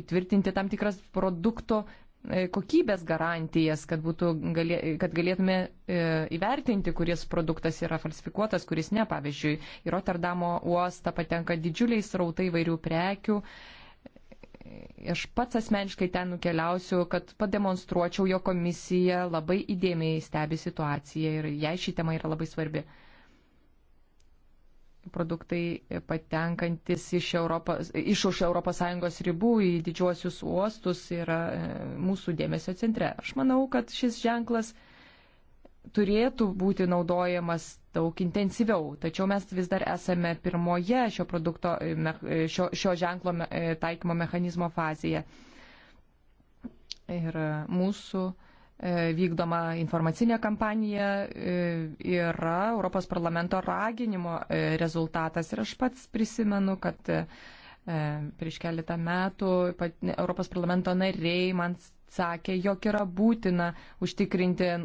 įtvirtinti tam tikras produkto kokybės garantijas, kad, būtų, galė, kad galėtume įvertinti, kuris produktas yra falsifikuotas, kuris ne. Pavyzdžiui, į Rotterdamo uostą patenka didžiuliai srautai vairių prekių aš pats asmeniškai ten nukeliausiu, kad pademonstruočiau, jo komisija labai įdėmiai stebi situaciją ir jai ši tema yra labai svarbi. Produktai patenkantis iš, Europos, iš už ES ribų į didžiuosius uostus yra e, mūsų dėmesio centre. Aš manau, kad šis ženklas turėtų būti naudojamas daug intensyviau, tačiau mes vis dar esame pirmoje šio, produkto, e, e, šio, šio ženklo e, taikymo mechanizmo fazėje. Ir mūsų vykdoma informacinė kampanija yra Europos parlamento raginimo rezultatas. Ir aš pats prisimenu, kad E, prieš keletą metų Europos parlamento nariai man sakė, jog yra būtina užtikrinti e,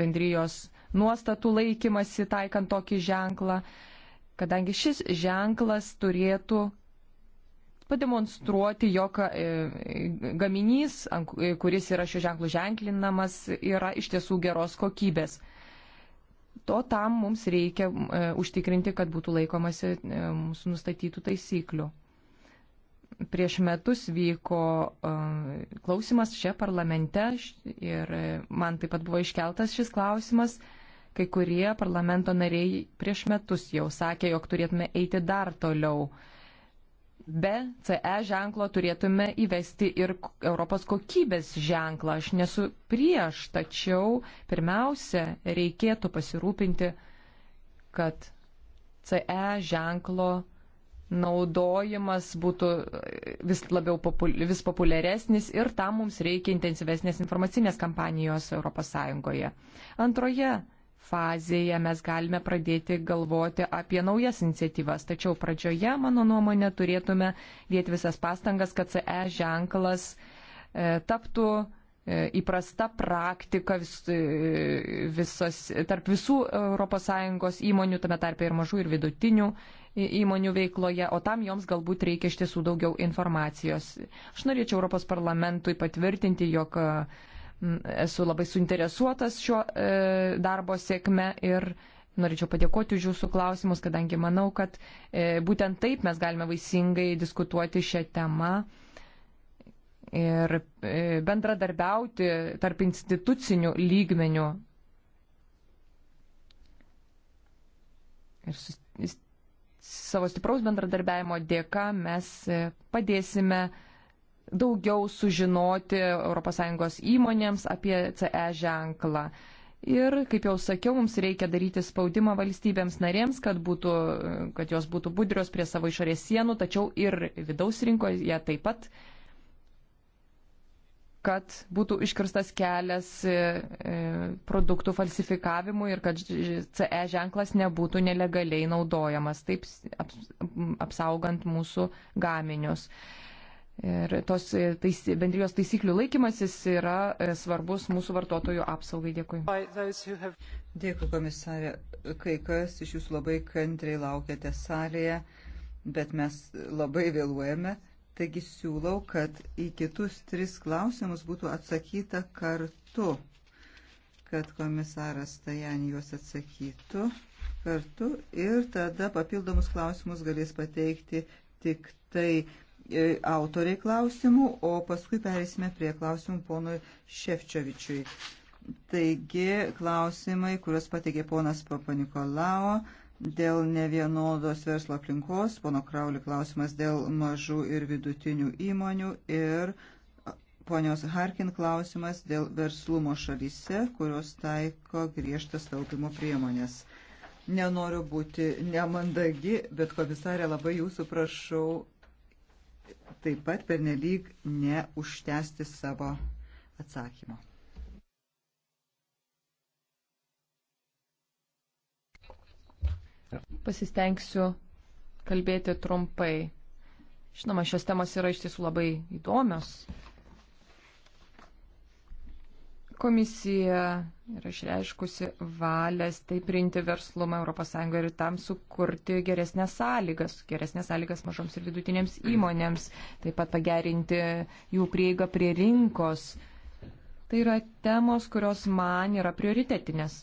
bendrijos nuostatų laikymasi taikant tokį ženklą, kadangi šis ženklas turėtų pademonstruoti, jog e, gaminys, kuris yra šio ženklų ženklinamas, yra iš tiesų geros kokybės. To tam mums reikia užtikrinti, kad būtų laikomasi mūsų nustatytų taisyklių prieš metus vyko uh, klausimas čia parlamente ir man taip pat buvo iškeltas šis klausimas. Kai kurie parlamento nariai prieš metus jau sakė, jog turėtume eiti dar toliau. Be CE ženklo turėtume įvesti ir Europos kokybės ženklą. Aš nesu prieš, tačiau pirmiausia, reikėtų pasirūpinti, kad CE ženklo naudojimas būtų vis labiau popul, vis populiaresnis ir tam mums reikia intensyvesnės informacinės kampanijos ES. Antroje fazėje mes galime pradėti galvoti apie naujas iniciatyvas. Tačiau pradžioje, mano nuomonė, turėtume dėti visas pastangas, kad CE ženklas e, taptų e, įprasta praktika vis, e, visas, tarp visų ES įmonių, tame tarpe ir mažų ir vidutinių įmonių veikloje, o tam joms galbūt reikia iš tiesų daugiau informacijos. Aš norėčiau Europos parlamentui patvirtinti, jog e, esu labai suinteresuotas šio e, darbo sėkme ir norėčiau padėkoti už jūsų klausimus, kadangi manau, kad e, būtent taip mes galime vaisingai diskutuoti šią temą ir bendradarbiauti tarp institucinių lygmenių ir savo stipraus bendradarbiavimo dėka mes padėsime daugiau sužinoti ES įmonėms apie CE ženklą. Ir, kaip jau sakiau, mums reikia daryti spaudimą valstybėms narėms, kad, būtų, kad jos būtų budrios prie savo išorės sienų, tačiau ir vidaus rinkoje taip pat kad būtų iškirstas kelias e, e, produktų falsifikavimui ir kad CE ženklas nebūtų nelegaliai naudojamas, taip apsaugant mūsų gaminius. Ir tos e, tais, bendrijos taisyklių laikymasis yra svarbus mūsų vartotojų apsaugai. Dėkui. Dėkui, komisarė. Kai kas iš jūsų labai kantriai laukiate salėje, bet mes labai vėluojame. Taigi siūlau, kad į kitus tris klausimus būtų atsakyta kartu, kad komisaras Tajani juos atsakytų kartu ir tada papildomus klausimus galės pateikti tik tai e, autoriai klausimų, o paskui perėsime prie klausimų ponui Ševčiovičiui. Taigi klausimai, kuriuos pateikė ponas Papaniko Lao dėl nevienodos verslo aplinkos, pono Krauli klausimas dėl mažų ir vidutinių įmonių ir ponios Harkin klausimas dėl verslumo šalyse, kurios taiko griežtas taupimo priemonės. Nenoriu būti nemandagi, bet komisarė labai jūsų prašau taip pat pernelyg neužtesti savo atsakymo. Pasistengsiu kalbėti trumpai. Žinoma, šios temos yra iš tiesų labai įdomios. Komisija yra išreiškusi valią stiprinti verslumą ES ir tam sukurti geresnės sąlygas, geresnės sąlygas mažoms ir vidutinėms įmonėms, taip pat pagerinti jų prieigą prie rinkos. Tai yra temos, kurios man yra prioritetinės.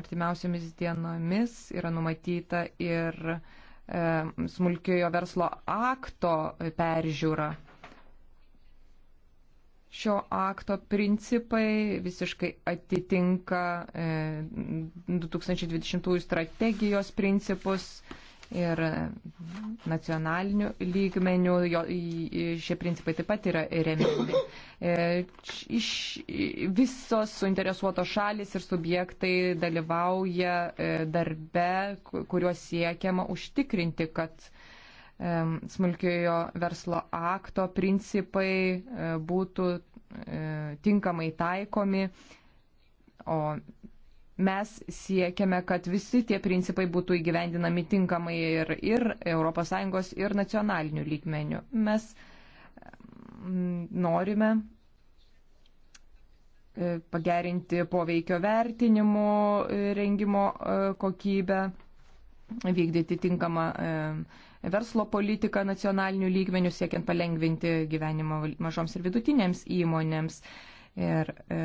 Artimiausiomis dienomis yra numatyta ir e, smulkiojo verslo akto peržiūra. Šio akto principai visiškai atitinka e, 2020 strategijos principus. E, ir nacionaliniu lygmeniu jo, šie principai taip pat yra remiami. E, iš visos suinteresuotos šalis ir subjektai dalyvauja e, darbe, kuriuo siekiama užtikrinti, kad e, smulkiojo verslo akto principai būtų tinkamai taikomi, o Mes siekiame, kad visi tie principai būtų įgyvendinami tinkamai ir, ir ES, ir nacionalinių lygmenių. Mes mm, norime e, pagerinti poveikio vertinimo e, rengimo e, kokybę, vykdyti tinkamą verslo politiką nacionalinių lygmenių, siekiant palengvinti gyvenimą mažoms ir vidutinėms įmonėms ir e,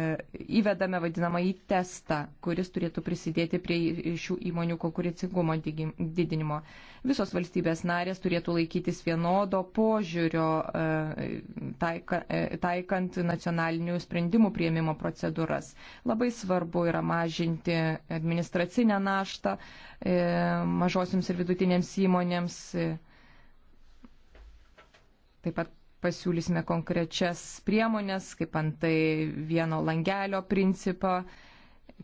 įvedame vadinamą į testą, kuris turėtų prisidėti prie šių įmonių konkurencingumo didinimo. Visos valstybės narės turėtų laikytis vienodo požiūrio e, e, taikant nacionalinių sprendimų prieimimo procedūras. Labai svarbu yra mažinti administracinę naštą mažosiams ir vidutinėms įmonėms. Taip pat pasiūlysime konkrečias priemonės, kaip antai vieno langelio principą,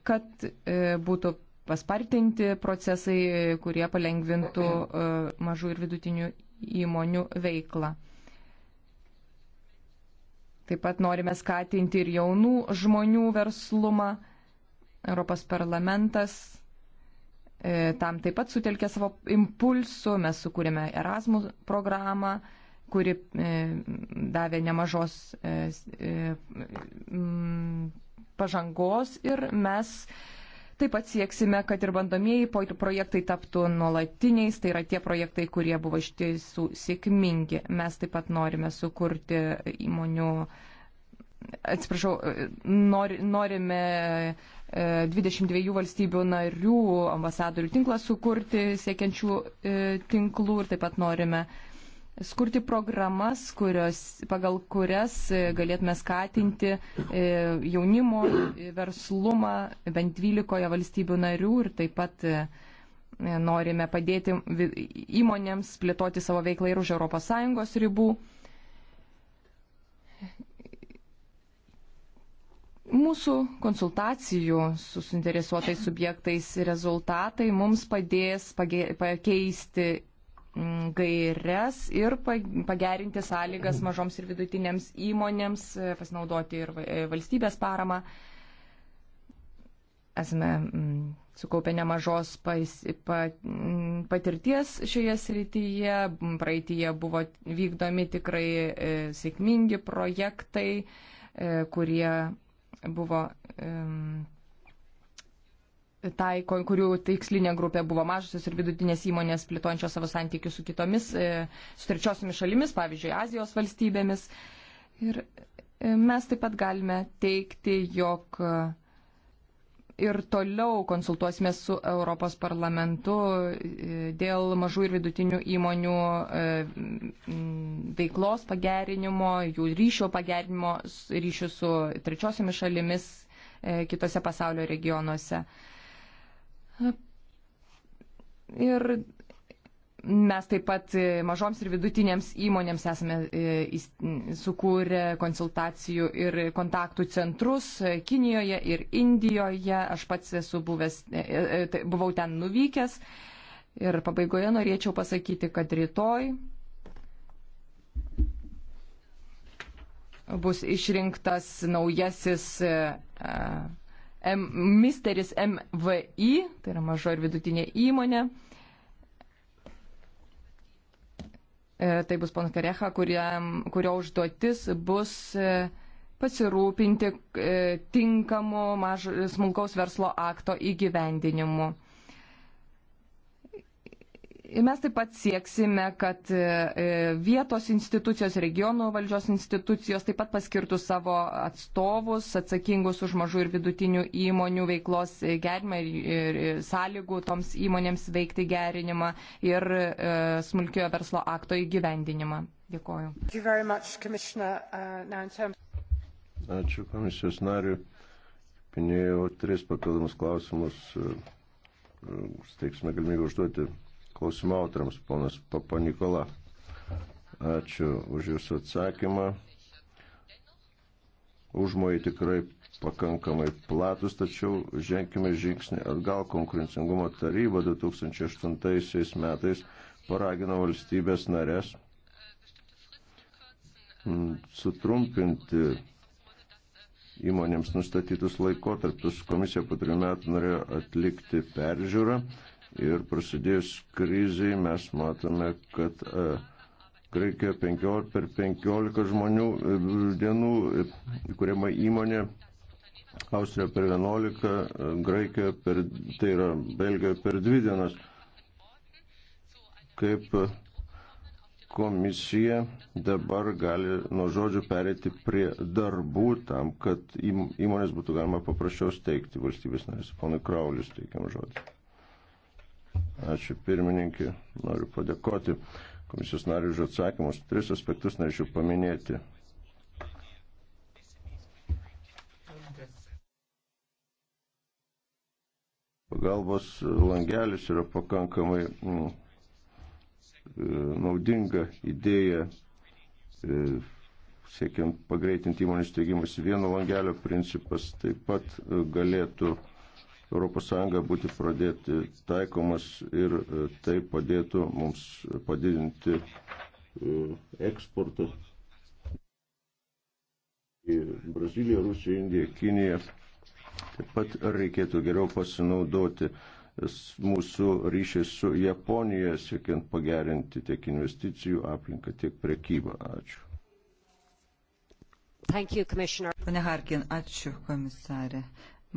kad e, būtų paspartinti procesai, kurie palengvintų e, mažų ir vidutinių įmonių veiklą. Taip pat norime skatinti ir jaunų žmonių verslumą. Europos parlamentas e, tam taip pat sutelkė savo impulsų, mes sukūrėme Erasmus programą, kuri e, davė nemažos e, e, pažangos ir mes taip pat sieksime, kad ir bandomieji projektai taptų nuolatiniais, tai yra tie projektai, kurie buvo iš tiesų sėkmingi. Mes taip pat norime sukurti įmonių, atsiprašau, nor, norime 22 valstybių narių ambasadorių tinklą sukurti, siekiančių tinklų ir taip pat norime skurti programas, kurios, pagal kurias e, galėtume skatinti e, jaunimo e, verslumą bent 12 valstybių narių ir taip pat norime padėti įmonėms plėtoti savo veiklą ir už ES ribų. Mūsų konsultacijų su suinteresuotais subjektais rezultatai mums padės pakeisti Mm, gairias ir pagerinti sąlygas mažoms ir vidutinėms įmonėms, e, pasinaudoti ir e, valstybės paramą. Esame mm, sukaupę nemažos pas, pa, mm, patirties šioje srityje, praeitie buvo vykdomi tikrai e, sėkmingi projektai, e, kurie buvo. E, taiko, kurių tikslinė grupė buvo mažosios ir vidutinės įmonės plėtojančios savo santykius su kitomis, e, su trečiosiomis šalimis, pavyzdžiui, Azijos valstybėmis. Ir e, mes taip pat galime teikti, jog e, ir toliau konsultuosime su Europos parlamentu dėl mažų ir vidutinių įmonių veiklos pagerinimo, jų ryšio pagerinimo, ryšių su trečiosiomis šalimis kitose pasaulio regionuose. Ir mes taip pat mažoms ir vidutinėms įmonėms esame e, sukūrę konsultacijų ir kontaktų centrus Kinijoje ir Indijoje. Aš pats esu buvęs, e, e, tai buvau ten nuvykęs. Ir pabaigoje norėčiau pasakyti, kad rytoj bus išrinktas naujasis. Uh, M, misteris MVI, tai yra mažo ir vidutinė įmonė. E, tai bus pan Karecha, kurio, kurio užduotis bus e, pasirūpinti e, tinkamu mažo, smulkaus verslo akto įgyvendinimu. Mes taip pat sieksime, kad e, e, vietos institucijos, regionų valdžios institucijos taip pat paskirtų savo atstovus atsakingus už mažų ir vidutinių įmonių veiklos e, gerimą ir, ir sąlygų toms įmonėms veikti gerinimą ir smulkiojo verslo akto įgyvendinimą. Dėkoju. Uh, Ačiū komisijos nariu. Pinėjau tris papildomus klausimus. Steiksime galimybę užduoti klausimą autoriams, ponas Papa Nikola. Ačiū už Jūsų atsakymą. Užmojai tikrai pakankamai platus, tačiau ženkime žingsnį atgal. Konkurencingumo taryba 2008 metais paragino valstybės narės sutrumpinti įmonėms nustatytus laikotarpius. Komisija po trijų metų norėjo atlikti peržiūrą ir prasidėjus kriziai mes matome, kad e, Graikija per 15 žmonių e, dienų įkūrėma e, įmonė, Austrija per 11, Graikija per, tai yra Belgija per 2 dienas. Kaip komisija dabar gali nuo žodžių perėti prie darbų tam, kad įmonės būtų galima paprasčiau steigti valstybės narės. Ponai Kraulius teikiam žodį. Ačiū pirmininkė, noriu padėkoti komisijos nariui už atsakymus. Tris aspektus norėčiau paminėti. Pagalbos langelis yra pakankamai mm, e, naudinga idėja e, siekiant pagreitinti įmonės teigimus. Vieno langelio principas taip pat e, galėtų ES būti pradėti taikomas ir e, tai padėtų mums padidinti e, eksportą į Braziliją, Rusiją, Indiją, Kiniją. Taip pat reikėtų geriau pasinaudoti mūsų ryšiais su Japonija, siekiant pagerinti tiek investicijų aplinką, tiek prekybą. Ačiū. You, Pane Harkin, ačiū komisarė.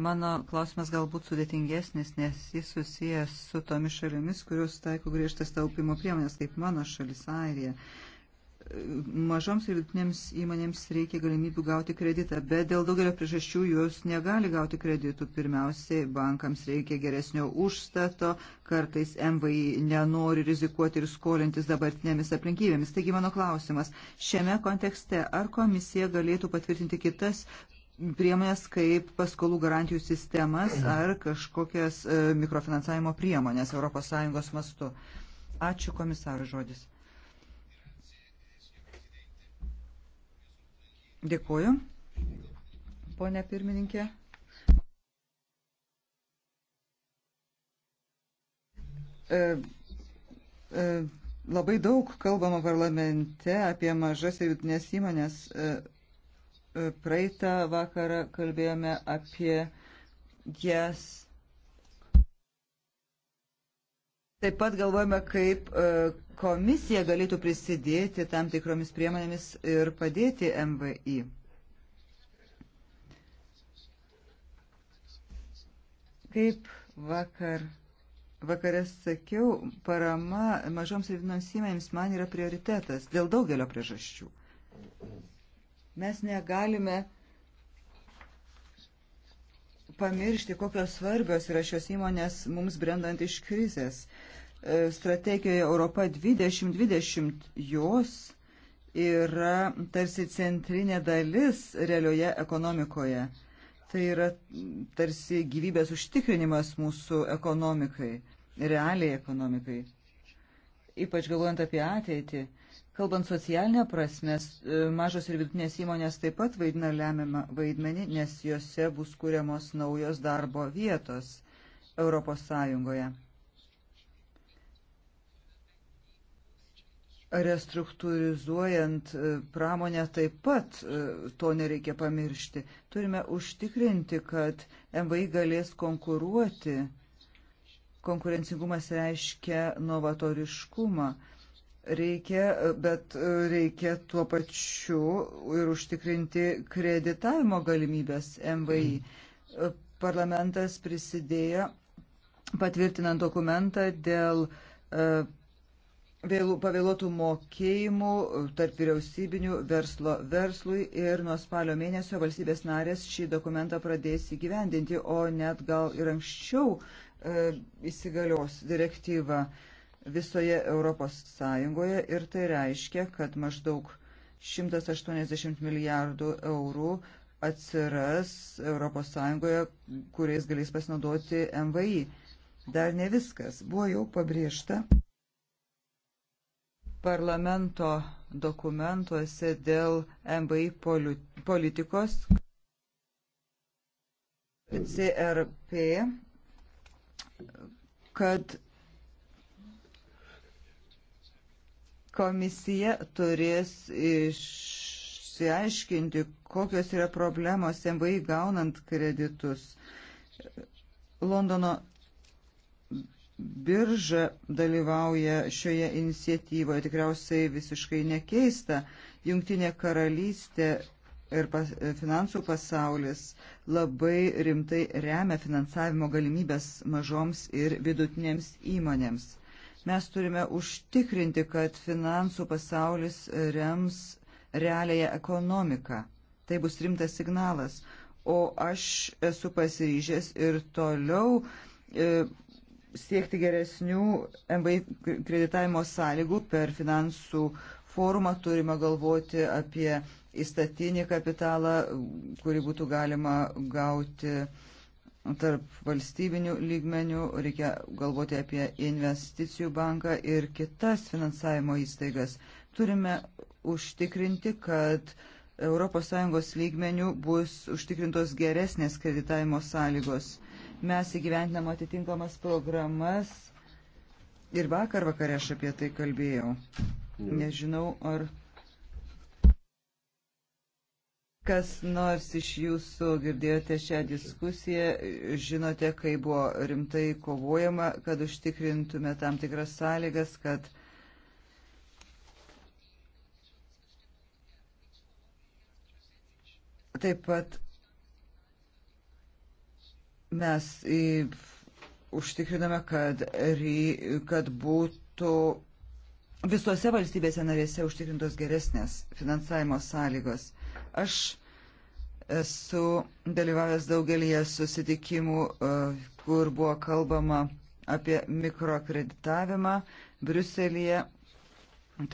Mano klausimas galbūt sudėtingesnis, nes jis susijęs su tomis šalimis, kurios taiko griežtas taupimo priemonės, kaip mano šalis Airija. Mažoms ir vidutinėms įmonėms reikia galimybių gauti kreditą, bet dėl daugelio priežasčių jos negali gauti kreditų. Pirmiausiai, bankams reikia geresnio užstato, kartais MVI nenori rizikuoti ir skolintis dabartinėmis aplinkybėmis. Taigi mano klausimas, šiame kontekste ar komisija galėtų patvirtinti kitas priemonės kaip paskolų garantijų sistemas ar kažkokias e, mikrofinansavimo priemonės ES mastu. Ačiū komisarų žodis. Dėkuoju. Pone pirmininkė. E, e, labai daug kalbama parlamente apie mažas ir vidutinės įmonės. E, Praeitą vakarą kalbėjome apie jas. Taip pat galvojame, kaip e, komisija galėtų prisidėti tam tikromis priemonėmis ir padėti MVI. Kaip vakar, vakarės sakiau, parama mažoms ir vienoms įmonėms man yra prioritetas dėl daugelio priežasčių. Mes negalime pamiršti, kokios svarbios yra šios įmonės mums brendant iš krizės. E, strategijoje Europa 2020 jos yra tarsi centrinė dalis realioje ekonomikoje. Tai yra tarsi gyvybės užtikrinimas mūsų ekonomikai, realiai ekonomikai. Ypač galvojant apie ateitį, Kalbant socialinę prasme, e, mažos ir vidutinės įmonės taip pat vaidina lemiamą vaidmenį, nes juose bus kūriamos naujos darbo vietos Europos Sąjungoje. Restruktūrizuojant e, pramonę taip pat e, to nereikia pamiršti. Turime užtikrinti, kad MVI galės konkuruoti. Konkurencingumas reiškia novatoriškumą reikia, bet e, reikia tuo pačiu ir užtikrinti kreditavimo galimybės MVI. E, parlamentas prisidėjo patvirtinant dokumentą dėl e, vėlų, pavėluotų mokėjimų tarp vyriausybinių verslo verslui ir nuo spalio mėnesio valstybės narės šį dokumentą pradės įgyvendinti, o net gal ir anksčiau e, įsigalios direktyva. E, visoje Europos Sąjungoje ir tai reiškia, kad maždaug 180 milijardų eurų atsiras Europos Sąjungoje, kuriais galės pasinaudoti MVI. Dar ne viskas. Buvo jau pabrėžta parlamento dokumentuose dėl MVI politikos CRP, kad Komisija turės išsiaiškinti, kokios yra problemos MVI gaunant kreditus. Londono birža dalyvauja šioje iniciatyvoje, tikriausiai visiškai nekeista. Jungtinė karalystė ir pas, finansų pasaulis labai rimtai remia finansavimo galimybės mažoms ir vidutinėms įmonėms. Mes turime užtikrinti, kad finansų pasaulis rems realiąją ekonomiką. Tai bus rimtas signalas. O aš esu pasiryžęs ir toliau e, siekti geresnių MBI kreditavimo sąlygų per finansų forumą. Turime galvoti apie įstatinį kapitalą, kurį būtų galima gauti tarp valstybinių lygmenių, reikia galvoti apie investicijų banką ir kitas finansavimo įstaigas. Turime užtikrinti, kad ES lygmenių bus užtikrintos geresnės kreditavimo sąlygos. Mes įgyventinam atitinkamas programas ir vakar vakare aš apie tai kalbėjau. Mhm. Nežinau, ar kas nors iš jūsų girdėjote šią diskusiją, žinote, kai buvo rimtai kovojama, kad užtikrintume tam tikras sąlygas, kad taip pat mes į, užtikriname, kad, ry, kad būtų visose valstybėse narėse užtikrintos geresnės finansavimo sąlygos. Aš esu dalyvavęs daugelį susitikimų, e, kur buvo kalbama apie mikrokreditavimą Briuselėje.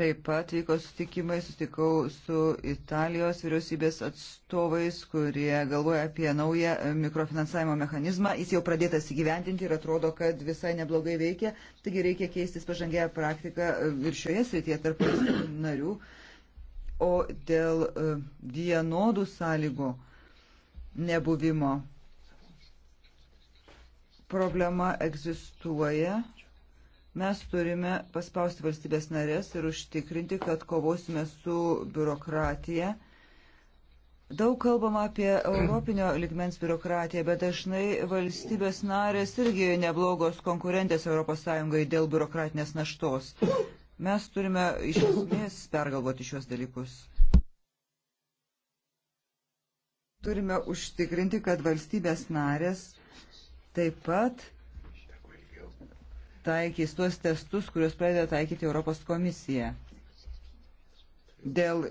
Taip pat vyko susitikimai, susitikau su Italijos vyriausybės atstovais, kurie galvoja apie naują mikrofinansavimo mechanizmą. Jis jau pradėtas įgyvendinti ir atrodo, kad visai neblogai veikia. Taigi reikia keistis pažangę praktiką ir šioje srityje tarp narių o dėl e, vienodų sąlygų nebuvimo problema egzistuoja. Mes turime paspausti valstybės narės ir užtikrinti, kad kovosime su biurokratija. Daug kalbama apie europinio ligmens biurokratiją, bet dažnai valstybės narės irgi neblogos konkurentės ES dėl biurokratinės naštos. Mes turime iš esmės pergalvoti šios dalykus. Turime užtikrinti, kad valstybės narės taip pat taikys tuos testus, kuriuos pradeda taikyti Europos komisija dėl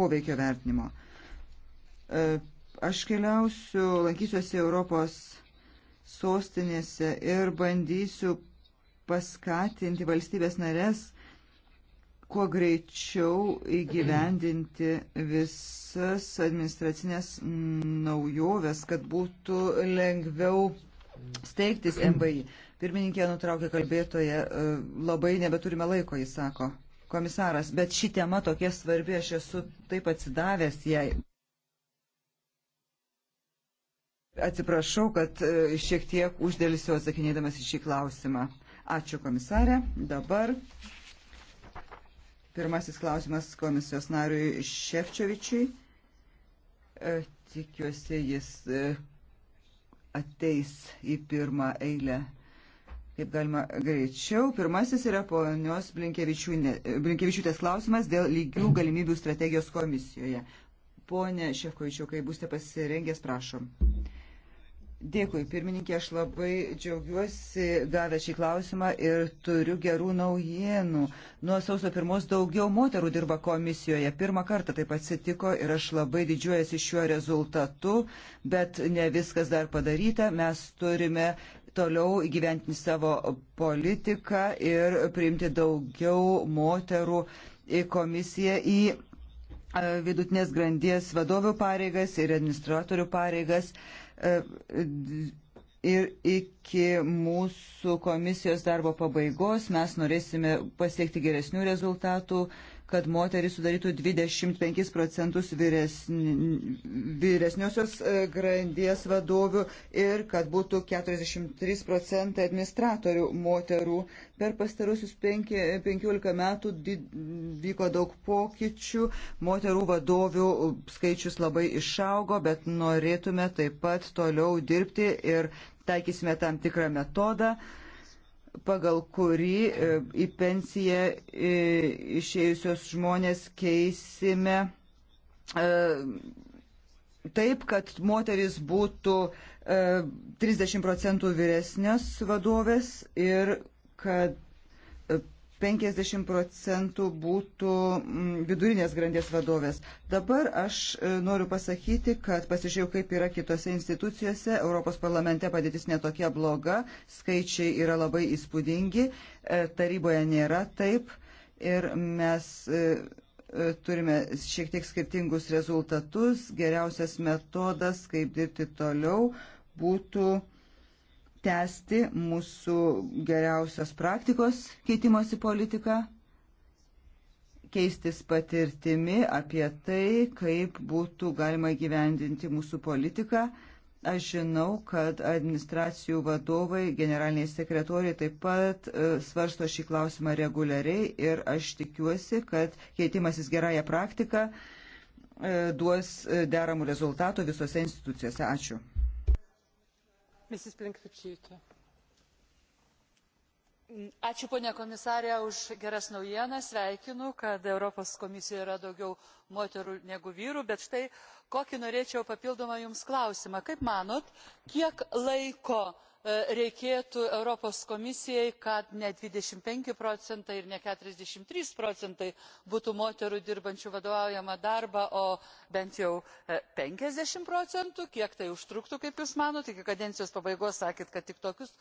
poveikio vertinimo. E, aš keliausiu, lankysiuosi Europos sostinėse ir bandysiu paskatinti valstybės narės kuo greičiau įgyvendinti visas administracinės naujoves, kad būtų lengviau steigtis MVI. Pirmininkė nutraukė kalbėtoje, e, labai nebeturime laiko, jis sako, komisaras, bet ši tema tokia svarbi, aš esu taip atsidavęs jai. Atsiprašau, kad e, šiek tiek uždėlisiu atsakinėdamas į šį klausimą. Ačiū komisarė. Dabar Pirmasis klausimas komisijos nariui Šefčiovičiui. E, tikiuosi, jis e, ateis į pirmą eilę. Kaip galima greičiau. Pirmasis yra ponios e, Blinkevičiūtės klausimas dėl lygių galimybių strategijos komisijoje. Pone Šefkovičiau, kai būsite pasirengęs, prašom. Dėkui, pirmininkė, aš labai džiaugiuosi gavę šį klausimą ir turiu gerų naujienų. Nuo sausio pirmos daugiau moterų dirba komisijoje. Pirmą kartą taip atsitiko ir aš labai didžiuojasi šiuo rezultatu, bet ne viskas dar padaryta. Mes turime toliau gyventinti savo politiką ir priimti daugiau moterų į komisiją į vidutinės grandies vadovių pareigas ir administratorių pareigas. E, ir iki mūsų komisijos darbo pabaigos mes norėsime pasiekti geresnių rezultatų kad moteris sudarytų 25 procentus vyresni, vyresniosios e, grandies vadovių ir kad būtų 43 procentai administratorių moterų. Per pastarusius 15 metų vyko daug pokyčių, moterų vadovių skaičius labai išaugo, bet norėtume taip pat toliau dirbti ir taikysime tam tikrą metodą. Uh, pagal kurį e, į pensiją e, išėjusios žmonės keisime e, taip, kad moteris būtų 30 procentų vyresnės vadovės ir kad 50 procentų būtų mm, vidurinės grandies vadovės. Dabar aš e, noriu pasakyti, kad pasižiūrėjau, kaip yra kitose institucijose. Europos parlamente padėtis netokia bloga, skaičiai yra labai įspūdingi, e, taryboje nėra taip ir mes e, turime šiek tiek skirtingus rezultatus. Geriausias metodas, kaip dirbti toliau, būtų tęsti mūsų geriausios praktikos keitimosi politiką, keistis patirtimi apie tai, kaip būtų galima gyvendinti mūsų politiką. Aš žinau, kad administracijų vadovai, generaliniai sekretoriai taip pat e, svarsto šį klausimą reguliariai ir aš tikiuosi, kad keitimasis gerąją praktiką e, duos e, deramų rezultatų visose institucijose. Ačiū. Mm, ačiū pone komisare už geras naujienas sveikinu kad europos komisijoje yra daugiau moterų negu vyrų bet štai kokį norėčiau papildomą jums klausimą kaip manote kiek laiko E, reikėtų europos komisijai kad ne dvidešimt penki procentai ir ne keturiasdešimt trys procentai būtų moterų dirbančių vadovaujamą darbą o bent jau e, penkiasdešimt procentų kiek tai užtruktų kaip jūs manote iki kadencijos pabaigos sakėt kad tik tokius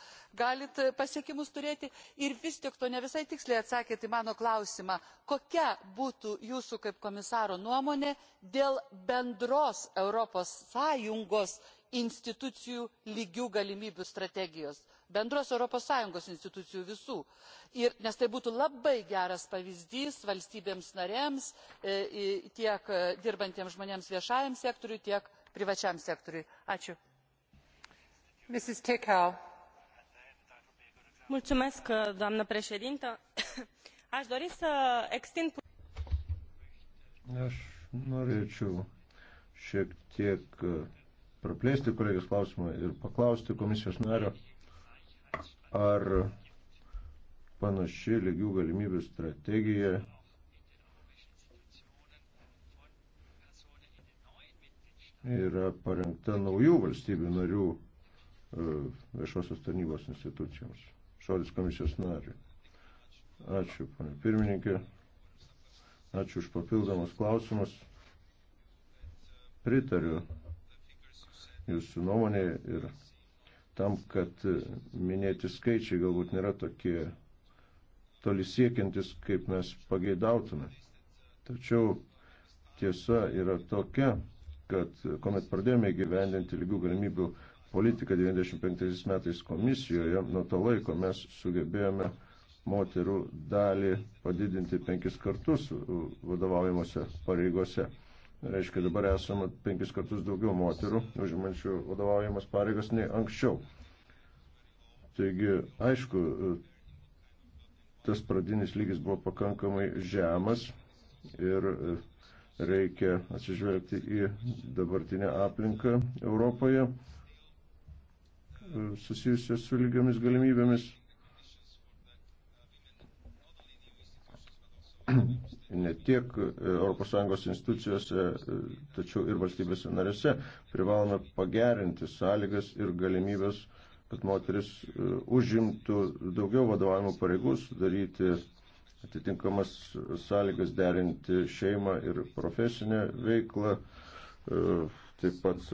galite pasiekimus turėti ir vis dėlto ne visai tiksliai atsakėt į mano klausimą kokia būtų jūsų kaip komisaro nuomonė dėl bendros europos sąjungos institucijų lygių galimybių strategijos bendros europos sąjungos institucijų visų ir, nes tai būtų labai geras pavyzdys valstybėms narėms e, tiek dirbantiems žmonėms viešajam sektoriui tiek privačiam sektoriui. ačiū. Mulțumesc, doamnă președintă. Aș dori să extind... Aš norėčiau šiek tiek uh, praplėsti kolegės klausimą ir paklausti komisijos nario, ar panaši lygių galimybių strategija yra parengta naujų valstybių narių e, viešosios tarnybos institucijoms. Šodis komisijos nariui. Ačiū, panė pirmininkė. Ačiū už papildomus klausimus. Pritariu jūsų nuomonė ir tam, kad minėti skaičiai galbūt nėra tokie toli siekiantis, kaip mes pageidautume. Tačiau tiesa yra tokia, kad kuomet pradėjome gyvendinti lygių galimybių politiką 95 metais komisijoje, nuo to laiko mes sugebėjome moterų dalį padidinti penkis kartus vadovaujamuose pareigose. Reiškia, dabar esame penkis kartus daugiau moterų užimančių vadovaujamas pareigas nei anksčiau. Taigi, aišku, tas pradinis lygis buvo pakankamai žemas ir reikia atsižvelgti į dabartinę aplinką Europoje susijusią su lygiamis galimybėmis tiek ES institucijose, e, tačiau ir valstybėse narėse. Privalome pagerinti sąlygas ir galimybės, kad moteris e, užimtų daugiau vadovavimo pareigus, daryti atitinkamas sąlygas derinti šeimą ir profesinę veiklą, e, taip pat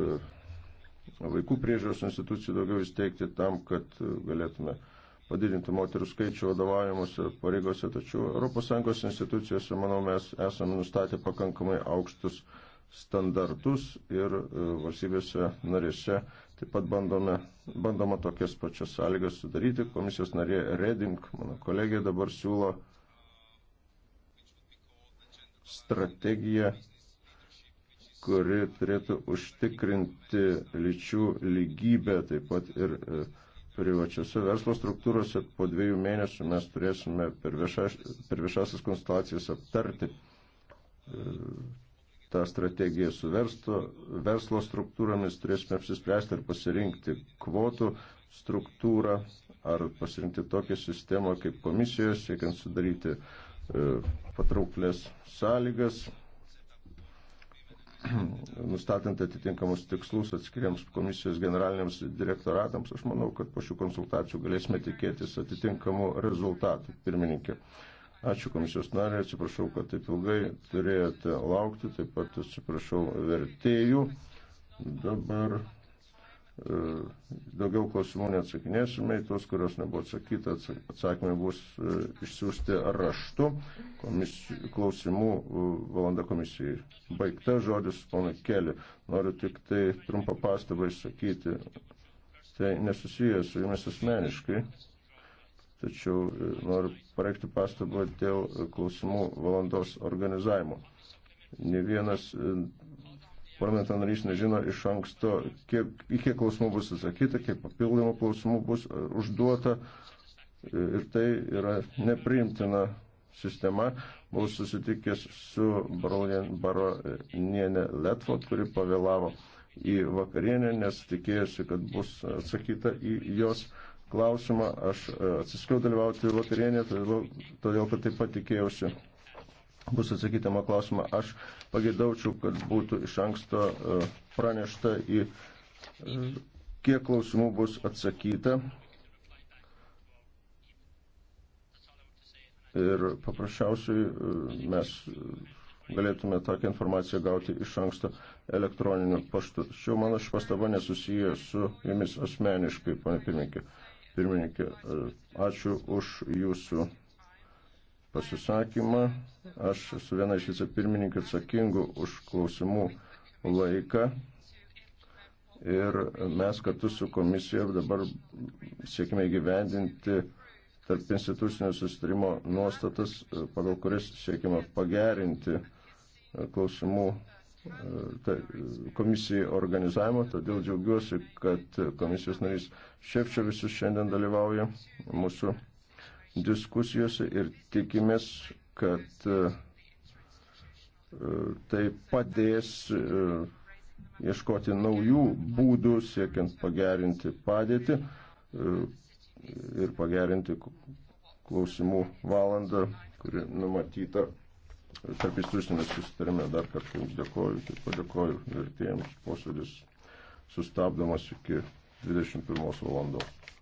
vaikų priežiūros institucijų daugiau įsteigti tam, kad galėtume uh, padidinti moterų skaičių vadovaujamuose pareigose, tačiau ES institucijose, manau, mes esame nustatę pakankamai aukštus standartus ir e, valstybėse narėse taip pat bandome, bandoma tokias pačias sąlygas sudaryti. Komisijos narė Reding, mano kolegė, dabar siūlo strategiją, kuri turėtų užtikrinti lyčių lygybę, taip pat ir e, privačiose verslo struktūrose po dviejų mėnesių mes turėsime per, vieša, per viešasis konsultacijas aptarti e, tą strategiją su verslo, verslo struktūromis, turėsime apsispręsti ir pasirinkti kvotų struktūrą ar pasirinkti tokią sistemą kaip komisijos, siekiant sudaryti e, patrauklės sąlygas nustatant atitinkamus tikslus atskiriams komisijos generaliniams direktoratams, aš manau, kad po šių konsultacijų galėsime tikėtis atitinkamų rezultatų. Pirmininkė, ačiū komisijos nariai, atsiprašau, kad taip ilgai turėjote laukti, taip pat atsiprašau vertėjų. Dabar E, daugiau klausimų neatsakinėsime, į tuos, kurios nebuvo atsakyta, atsakymai bus e, išsiųsti raštu. Komisijų, klausimų e, valanda komisijai baigta, žodis ponai keli. Noriu tik tai trumpą pastabą išsakyti. Tai nesusijęs su jumis asmeniškai, tačiau noriu pareikšti pastabą dėl klausimų valandos organizavimo. Ne vienas parlamento narys nežino iš anksto, kiek, kiek klausimų bus atsakyta, kiek papildomų klausimų bus e, užduota. Ir tai yra nepriimtina sistema. Buvau susitikęs su baronienė Letvot, kuri pavėlavo į vakarienę, nes tikėjusi, kad bus atsakyta į jos klausimą. Aš e, atsiskiau dalyvauti vakarienė, todėl, todėl kad taip pat tikėjausi bus atsakyta mano klausimą. Aš pagėdaučiau, kad būtų iš anksto e, pranešta į e, kiek klausimų bus atsakyta. Ir paprasčiausiai e, mes galėtume tokią informaciją gauti iš anksto elektroniniu paštu. Tačiau mano ši pastaba nesusiję su jumis asmeniškai, pane pirmininkė. Pirmininkė, ačiū už jūsų pasisakymą. Aš su viena iš vicepirmininkų atsakingų už klausimų laiką. Ir mes kartu su komisija dabar siekime įgyvendinti tarp institucinio sustarimo nuostatas, pagal kuris siekime pagerinti klausimų komisijai organizavimo, todėl džiaugiuosi, kad komisijos narys Šefčiovičius šiandien dalyvauja mūsų diskusijose ir tikimės, kad e, tai padės e, ieškoti naujų būdų siekiant pagerinti padėtį e, ir pagerinti klausimų valandą, kuri numatyta tarp įstusinės susitarime. Dar kartą jums dėkoju, taip padėkoju vertėjams posėdis sustabdomas iki 21 valandos.